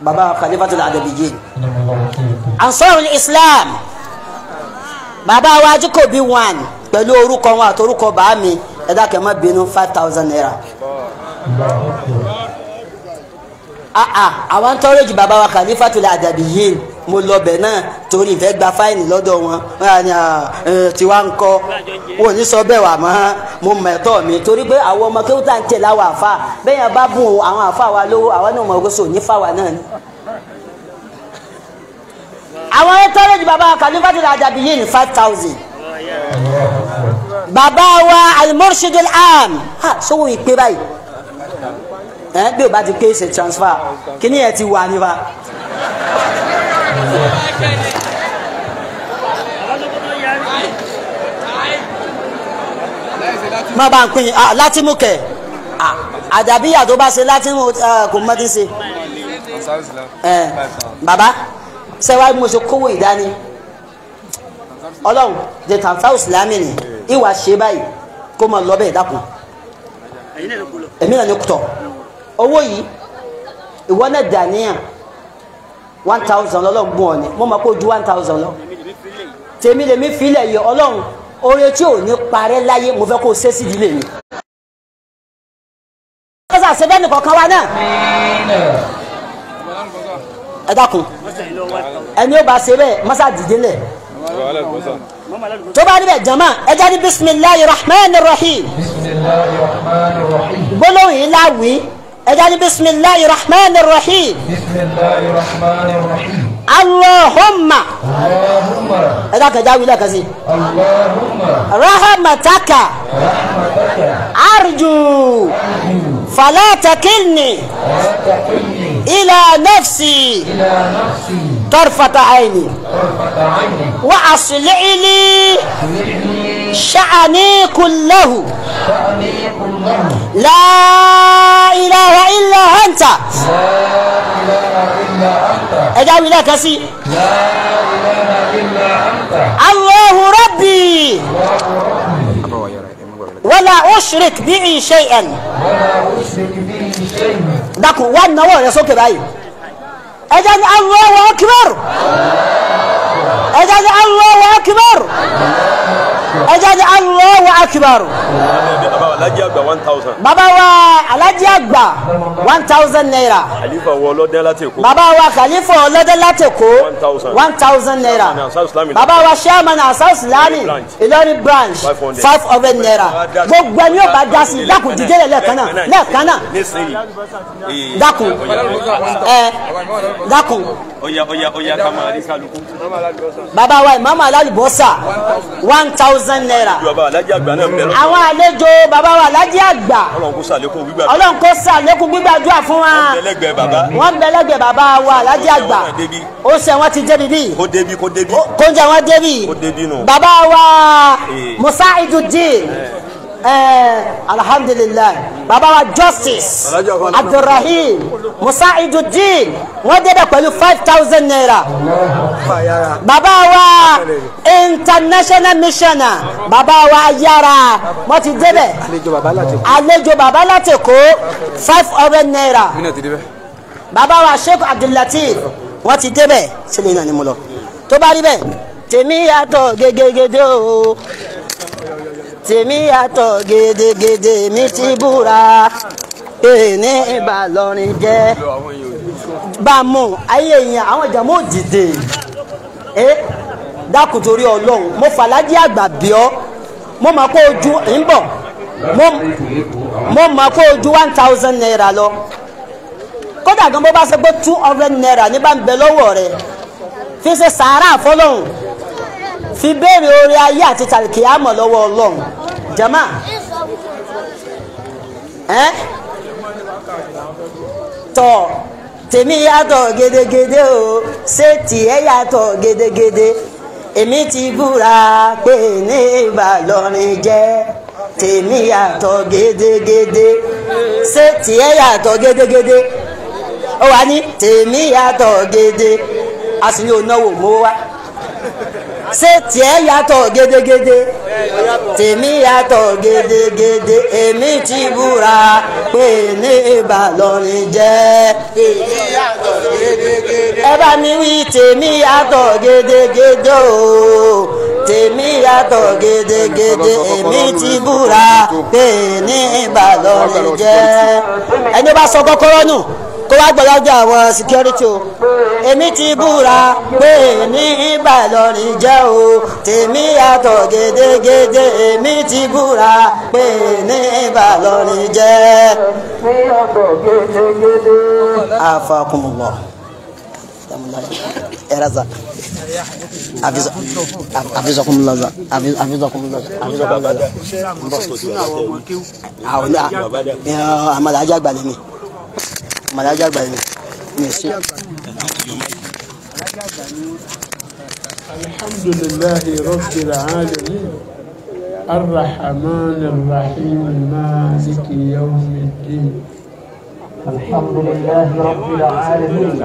baba khalifatul adabiyin ansarul islam baba wájú kò bí one pẹ̀lú orúkọ wọn àti orúkọ bàámi ẹ̀dá kẹ́mọ́ bínú five thousand naira. Ah, ah, àwa ń tọ́rọ̀ jù baba wa khalifatul adabiyin mo lọ bẹ̀ náà torí ìfẹ́ gba fáìnì lọ́dọ̀ wọn tiwa ń kọ́ wọn ò ní sọ bẹ́ẹ̀ wà mọ́ mo mọ̀ mi torí pé àwọn ọmọ kéwù tá à ń tẹ̀ láwọn àfa bẹ́ẹ̀ yẹn bá bùn àwọn àfa wa lówó àwọn náà mọ̀ ọ́ sọ ní fáwa náà ni. àwọn ẹ̀tọ́rẹ́jì bàbá kàlífàtì làjàbí yìí ní five thousand bàbá wa al-murshidul am ha sọ́wọ́ ìpè báyìí ẹ̀ bí o bá ti pé transfer kí ni ẹ ti wà nípa má bá ń pín ah, láti mú kẹ ah, àjàbíyà tó bá ṣe láti mú eh, kò mọ́ tí ń ṣe. Eh, bàbá sẹ́wáá mo ṣe kówó ìdání ọlọ́run the tanfa islam ni ìwà ṣe báyìí kó mọ lọ bẹ́ẹ̀ dákun èmi náà ní kutọ owó yìí ìwọ dàníyàn one thousand lọ́lọ́run gún ọ ni mo mọ̀ pé ju one thousand lọ tèmi lèmi filẹ̀ yìí ọlọ́run oore tí ò ní parẹ́ láyé mo fẹ́ kó o ṣe sí ìdílé mi. kọ́sà ṣe bẹ́ẹ̀ nìkan kan wa náà. ẹ dákun ẹni ó bá ṣe bẹ́ẹ̀ mọ́sá dìde lẹ̀. tó bá níbẹ̀ jama ẹ jáde bisimilayi rahman rahim. bisimilayi rahman rahim. gbólóhùn yìí láwìí. اجعل بسم الله الرحمن الرحيم بسم الله الرحمن الرحيم اللهم اللهم اجعل تجاوي لك زي اللهم رحمتك رحمتك ارجو فلا تكلني فلا تكلني الى نفسي الى نفسي طرفة عيني وأصلح لي شأني كله لا إله إلا أنت لا إله إلا أنت لا إله إلا أنت الله ربي ولا أشرك به شيئا ولا أشرك به شيئا دكو وانا وانا سوكي بأيه اذا الله اكبر اذا الله اكبر أجل الله اكبر alhaji àgbà one thousand. bàbá wa alhaji Agba one thousand naira. khalifa wọ ọlọ́dẹ láti èkó. bàbá wa khalifa ọlọ́dẹ láti èkó one thousand one thousand naira. Baba wa chairman asas lami ìlọrin branch five hundred naira. gbogbo ẹni yóò bá dá sí dákun dídé lẹ́ẹ̀kan náà lẹ́ẹ̀kan náà dákun ẹ dákun. oya oya oya kama ari kálukú. bàbá wa imam alalibosa one thousand naira. àwọn àlejò bàbá bàbá wa alájí àgbà ọlọ́run kó sàlékún gbígbàdúrà fún wa wọ́n bẹ̀lẹ́gbẹ̀ bàbá wa alájí àgbà ó sẹ wọ́n ti débi bí kó jẹ́ wọ́n débi bàbá wa Musa eh. Musaiduddin. Eh. Eh, alhamdulilayi baba wa justice abdulrahim musaiduddin wọ́n débẹ̀ pẹ̀lú five thousand naira baba wa international missioner baba wa yara wọ́n ti débẹ̀ àlejò baba láti kó five hundred naira baba wa sheikh abdullatif wọ́n ti débẹ̀ sílẹ̀ náà ni mo lọ tó bá rí bẹ́ẹ̀ tèmi yàtọ̀ gégégédé o. tèmi gedegede gédégédé mi ti búra èèní ìbàlọ́rin jẹ́ bàmú ayé àwọn ìjàmọ́ òdìdè ẹ dákun torí ọlọ́run mo fàlájì àgbà bí ọ mo máa kó ojú ń bọ̀ mo one thousand naira lọ kódà gan bó bá ṣe pé 200 naira ní ba ń bẹ lọ́wọ́ fi fi béèrè orí ayé àti tàlìkì àmọ̀ lọ́wọ́ ọlọ́run jama ẹ́ tọ̀ tèmi yàtọ̀ gédégédé o ṣé tìẹ́ yàtọ̀ gédégédé èmi ti búra pé ní Ìbàlọ́rin jẹ́ tèmi yàtọ̀ gédégédé ṣé tìẹ́ yàtọ̀ gédégédé ó wà ní tèmi yàtọ̀ gédé a sì ní onáwó mọ́ ṣé tiẹ̀ yàtọ̀ gédégédé tèmi yàtọ̀ gédégédé èmi ti búra pé ní Ìbàlọ́rin jẹ́. tèmi yàtọ̀ gédégédé. ẹ bá mi wí tèmi yàtọ̀ gédégédé o tèmi yàtọ̀ gédégédé èmi ti búra pé ní Ìbàlọ́rin jẹ́. ẹni bá sọ kọ́kọ́rọ́ nù kó wá gbọ́ lọ́jọ́ àwọn security o èmi ti búra pé èmi ìbàlọ́rin jẹ́ o tèmi yàtọ̀ gédégédé èmi ti búra pé èmi ìbàlọ́rin jẹ́. tèmi yàtọ̀ gédégédé. afakumullah ẹ̀rẹ́sà afisakumulaza afisakumulaza afisakumulaza. àwọn amadu ajá gbalẹ̀ mi màlájà àgbà yìí ni ṣe. alhamdulilayi rabbil alamin arrahman arrahim maliki yawmiddin. alhamdulilayi rabbil alamin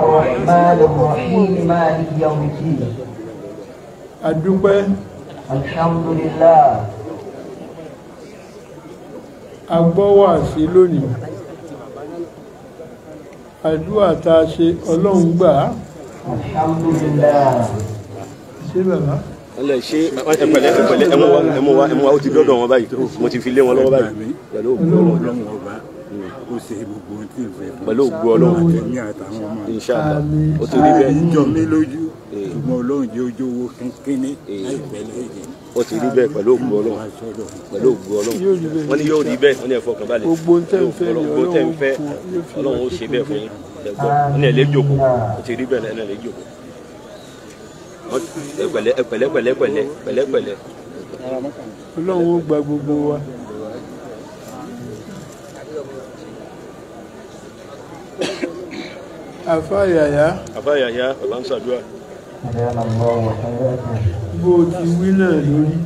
arrahman arrahim maliki yawmiddin. adúpẹ́. alhamdulilayi. agbọ́wọ́ àfi lónìí àdúrà tá a ṣe ọlọ́run gbà á. ṣé bàbá. ọlẹ ṣé ẹ pẹ̀lẹ́ ẹ pẹ̀lẹ́ ẹ mú wa ẹ mú wa ẹ mú wa ó ti dọ́dọ̀ wọn báyìí mo ti fi lé wọn lọ́wọ́ báyìí pẹ̀lú ògbó ọlọ́run ó ṣe gbogbo ohun tí n fẹ́ pẹ̀lú ògbó ọlọ́run àtẹmí àtàwọn ọmọ ìṣàlá ó torí bẹ́ẹ̀. Eh. ṣùgbọ́n ọlọ́run jẹ́ ojú owó kínkínní eh. láìpẹ́ láìjẹ́ ó ti rí bẹ́ẹ̀ pẹ̀lú ògùn ọlọ́run pẹ̀lú ògùn ọlọ́run wọ́n ní yóò rí bẹ́ẹ̀ wọ́n ní ẹ fọkàn balẹ̀ gbogbo tẹ̀ ń fẹ́ ọlọ́run ó ṣe bẹ́ẹ̀ fún yín ẹ̀gbọ́n wọ́n ní ẹ lè jókòó ó ti rí bẹ́ẹ̀ náà ẹ lè jókòó pẹ̀lẹ́ pẹ̀lẹ́ pẹ̀lẹ́ pẹ̀lẹ́ pẹ̀lẹ́ pẹ̀lẹ́. ọlọ́run ó gba gbogbo wa. àfa yàyà. àfa yàyà bàbá ń ṣàdúrà bó o ti wí náà lórí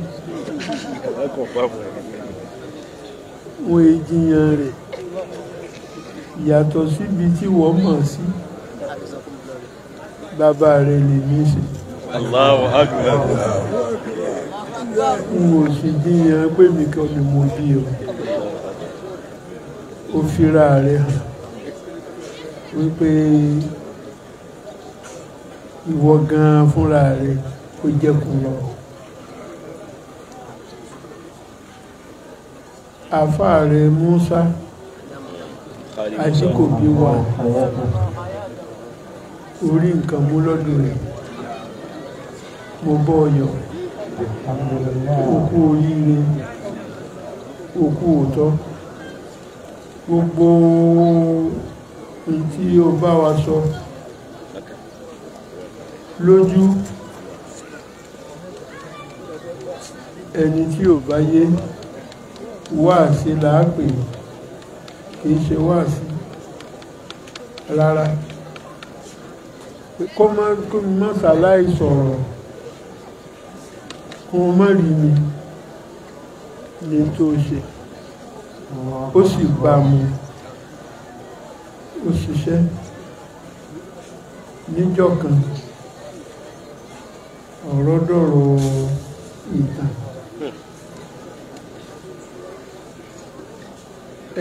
wọn èjìyàn rẹ̀ yàtọ̀ síbi tí wọ́n mọ̀ sí bàbá rẹ̀ lè ní ṣe. Allahu Akbar. n ò sì jiyàn pé mi kan ni mo bí o ó fira rẹ̀ hàn wípé ìwọ gan fúnra rẹ ó jẹ́ kó lọ. àfáà rẹ Musa àti kò bí wa orí nǹkan mú lọ́dún rẹ̀ mo bọ́ ọyọ̀ òkú oríire òkú òótọ́ gbogbo ohun tí o bá wa sọ. So lójú ẹni tí ò bá yé wáàsí là á pè kì í ṣe wáàsí rárá kó má kó má ṣàláì sọ̀rọ̀ kó má rí mi ní tó ṣe ó sì bá mu ó ṣiṣẹ́ níjọ́ kan ọ̀rọ̀ dọ̀rọ̀ ìtàn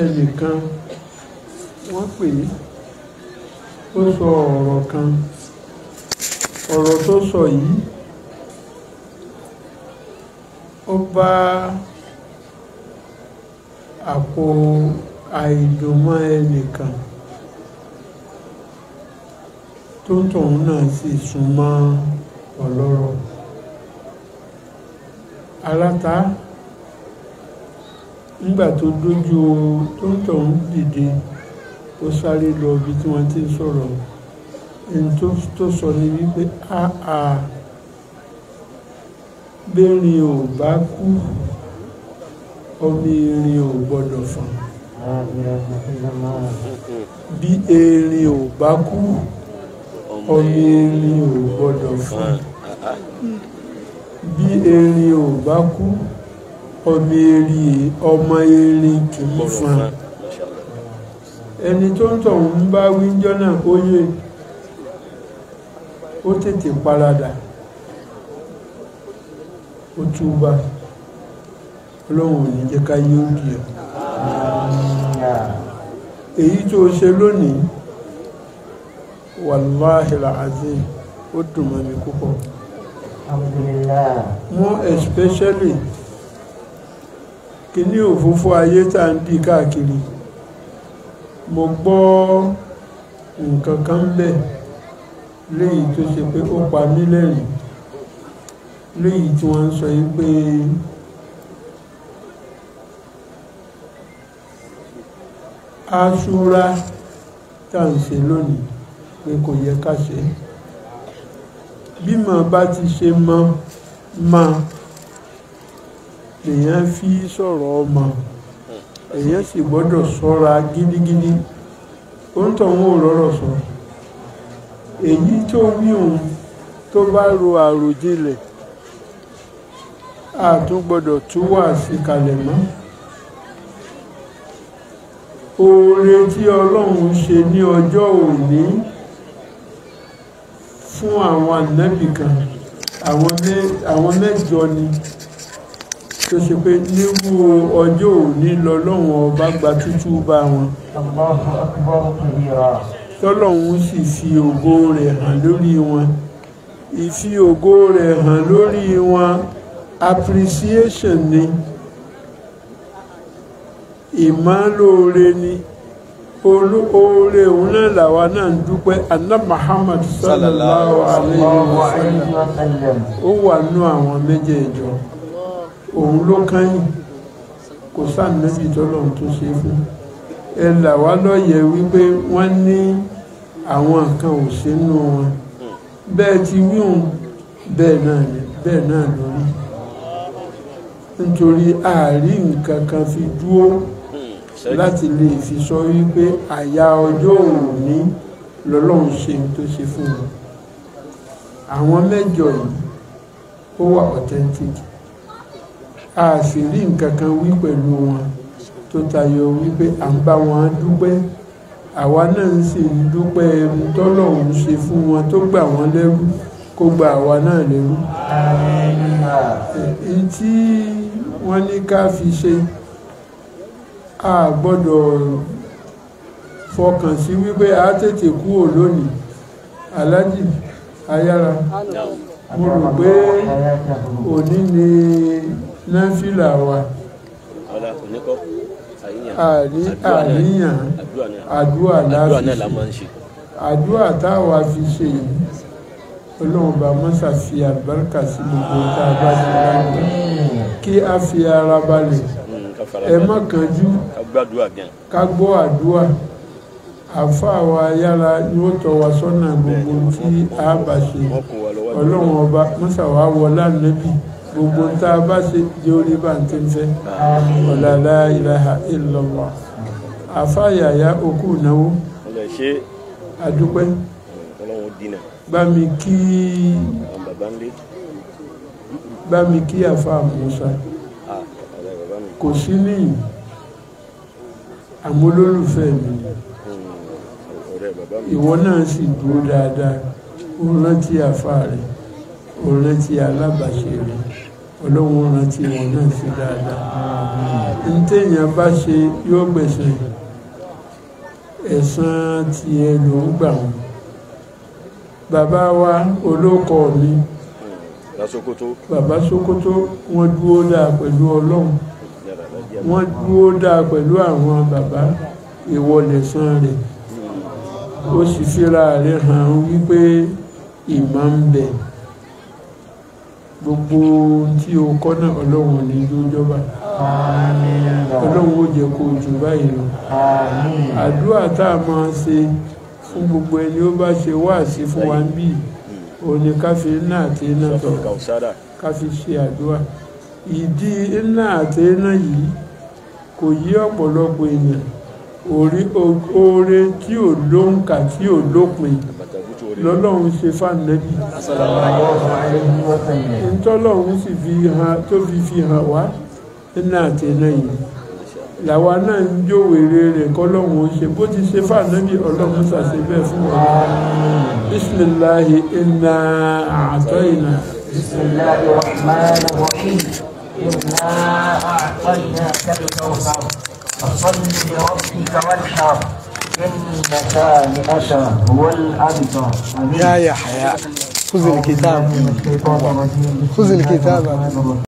ẹnìkan wọ́n pè é ó sọ ọ̀rọ̀ kan ọ̀rọ̀ tó sọ yìí ó bá àpò àìdùnmọ́ ẹnìkan tó ń tọ̀hún náà sì sún ọlọ́rọ̀ aláta nígbà tó dójú tó ń tọ̀ ń dìde ó sáré lọ ibi tí wọ́n ti ń sọ̀rọ̀ ẹni tó sọ ní wípé áà bẹ́rin ò bá kú ọmọ erin ò gbọ́dọ̀ fọ̀n bí erin ò bá kú ọmọ erin ò gbọ́dọ̀ fọ̀n bí erin ò bá kú ọmọ erin ọmọ erin kì í fún ẹni tó ń tọ̀hún ń bá wíńjọ́ náà ó yé ó tètè paradà ó túbà ọlọ́run ò ní jẹ́ ká yé òdì ẹ̀ èyí tó ṣe lónìí wàláhìlà àzín ó dùn mọ́ mi púpọ̀. More especially kíní òfófó ayé tá à ń di káàkiri mo gbọ́ nǹkan kan bẹ̀ léyìí tó ṣe pé ó pa mí lẹ́rìn léyìí tí wọ́n ń sọ yìí pé aṣúra tá à ṣe lónìí pé kò yẹ ká ṣe é bí mọ̀ bá ti ṣe mọ̀ mọ̀ lèèyàn fi sọ̀rọ̀ ọmọ èèyàn sì gbọ́dọ̀ sọ́ra gidigidi ó ń tọ̀hún ò rọ́rọ̀ sọ èyí tó wí òun tó bá ro àròjinlẹ̀ a tún gbọ́dọ̀ tún wà sí kalẹ̀ mọ́ oore tí ọlọ́run ṣe ní ọjọ́ òní fún àwọn ànábì kan àwọn mẹ́jọ ni tó ṣe pé nírú ọjọ́ òní lọ́lọ́run ọba gba tútú bá wọn tọ́lọ́run sì fi ògo rẹ̀ hàn lórí wọn ìfi ògo rẹ̀ hàn lórí wọn appreciation ni ìmọ̀lóore ni olóore òun náà làwa náà ń dúpẹ́ anna muhammad sallallahu alayhi wa sallam ó wà nú àwọn méjèèjọ òun ló kányìn kò sáàmẹ́bì tọ́lọ́run tó ṣe fún ẹ làwa lọ́yẹ wípé wọ́n ní àwọn kan ò sínú wọn bẹ́ẹ̀ ti wíhùn bẹ́ẹ̀ náà ni bẹ́ẹ̀ náà lórí nítorí ààrí nǹkan kan fi dúró láti lè fi sọ wípé àyà ọjọ́ òní lọ́lọ́run ṣe tó ṣe fún wọn àwọn mẹ́jọ yìí ó wà authentic a sì rí nǹkan kan wí pẹ̀lú wọn tó tayọ wípé à ń bá wọn dúpẹ́ àwa náà sì ń dúpẹ́ ẹrù tọ́lọ́run ṣe fún wọn tó gbà wọ́n lẹ́rú kó gba àwa náà lẹ́rú. àmín. wọ́n ní ká fi ṣe a gbọ́dọ̀ fọkàn sí wípé a tètè kúrò lónìí alájì ayára mo rò pé òní ni náfìlà wa àníyàn àdúrà láti àdúrà táwa fi ṣe yìí ọlọ́run bá mọ́sà fi àlùbáríkà sí gbogbo tá a bá ṣe láti kí a fi ara balẹ̀ ẹ má kanjú ká gbọ́ àdúrà àfáà wa yára yóò tọ́ wa sọ́nà gbogbo tí a bá ṣe ọlọ́run ọba mọ́sàwá wọlá nẹ́bí gbogbo tá a bá ṣe jẹ́ orí bá ń tẹ́ńfẹ́ ọ̀làlá ìlàhà ìlọ́wà àfáà yàyà okú ìnáwó àdúpẹ́ bámi kí bámi kí àfáà Musa kò sí níyìn àmọ́ olólùfẹ́ mi ìwọ náà sì dúró dáadáa ó rántí àfa rẹ̀ ó rántí alábàṣe rẹ̀ ọlọ́run rántí wọn náà sí dáadáa n téèyàn bá ṣe yóò gbẹ̀san ẹ̀san tiẹ̀ ló ń gbà wọ́n bàbá wa olóko mi bàbá Sokoto wọn dúró dáa pẹ̀lú ọlọ́run wọ́n dúró dáa pẹ̀lú àwọn bàbá ìwọlẹ̀sán rẹ̀ ó sì fira rẹ̀ hàn wípé ìmọ̀ ń bẹ gbogbo tí o kọ́ náà ọlọ́run ní ìjọba ọlọ́run ó jẹ́ kó jù báyìí lọ àdúrà tá a máa ṣe fún gbogbo ẹni ó bá ṣe wáàsí fún wa ń bì òní káfíńnà àti iná tọ̀ káfí ṣe àdúrà ìdí iná àti iná yìí kò yí ọ̀pọ̀lọpọ̀ èèyàn orí oore tí ò lóǹkà tí ò lópin lọ́lọ́run ṣe fáànẹ́bì ntọ́lọ́run sì fi hàn tó fi fi hàn wá iná àti iná yìí làwa náà ń jó wèrè rẹ̀ kọ́lọ́run ó ṣe bó ti ṣe fáànẹ́bì ọlọ́run ṣàṣe bẹ́ẹ̀ fún wa bisimilahi iná àtọ́ iná. bisimilahi rahman rahim. إنا أعطيناك الكوثر فصل لربك وانحر إنك لأشى هو الأبتر يا يحيى خذ الكتاب خذ الكتاب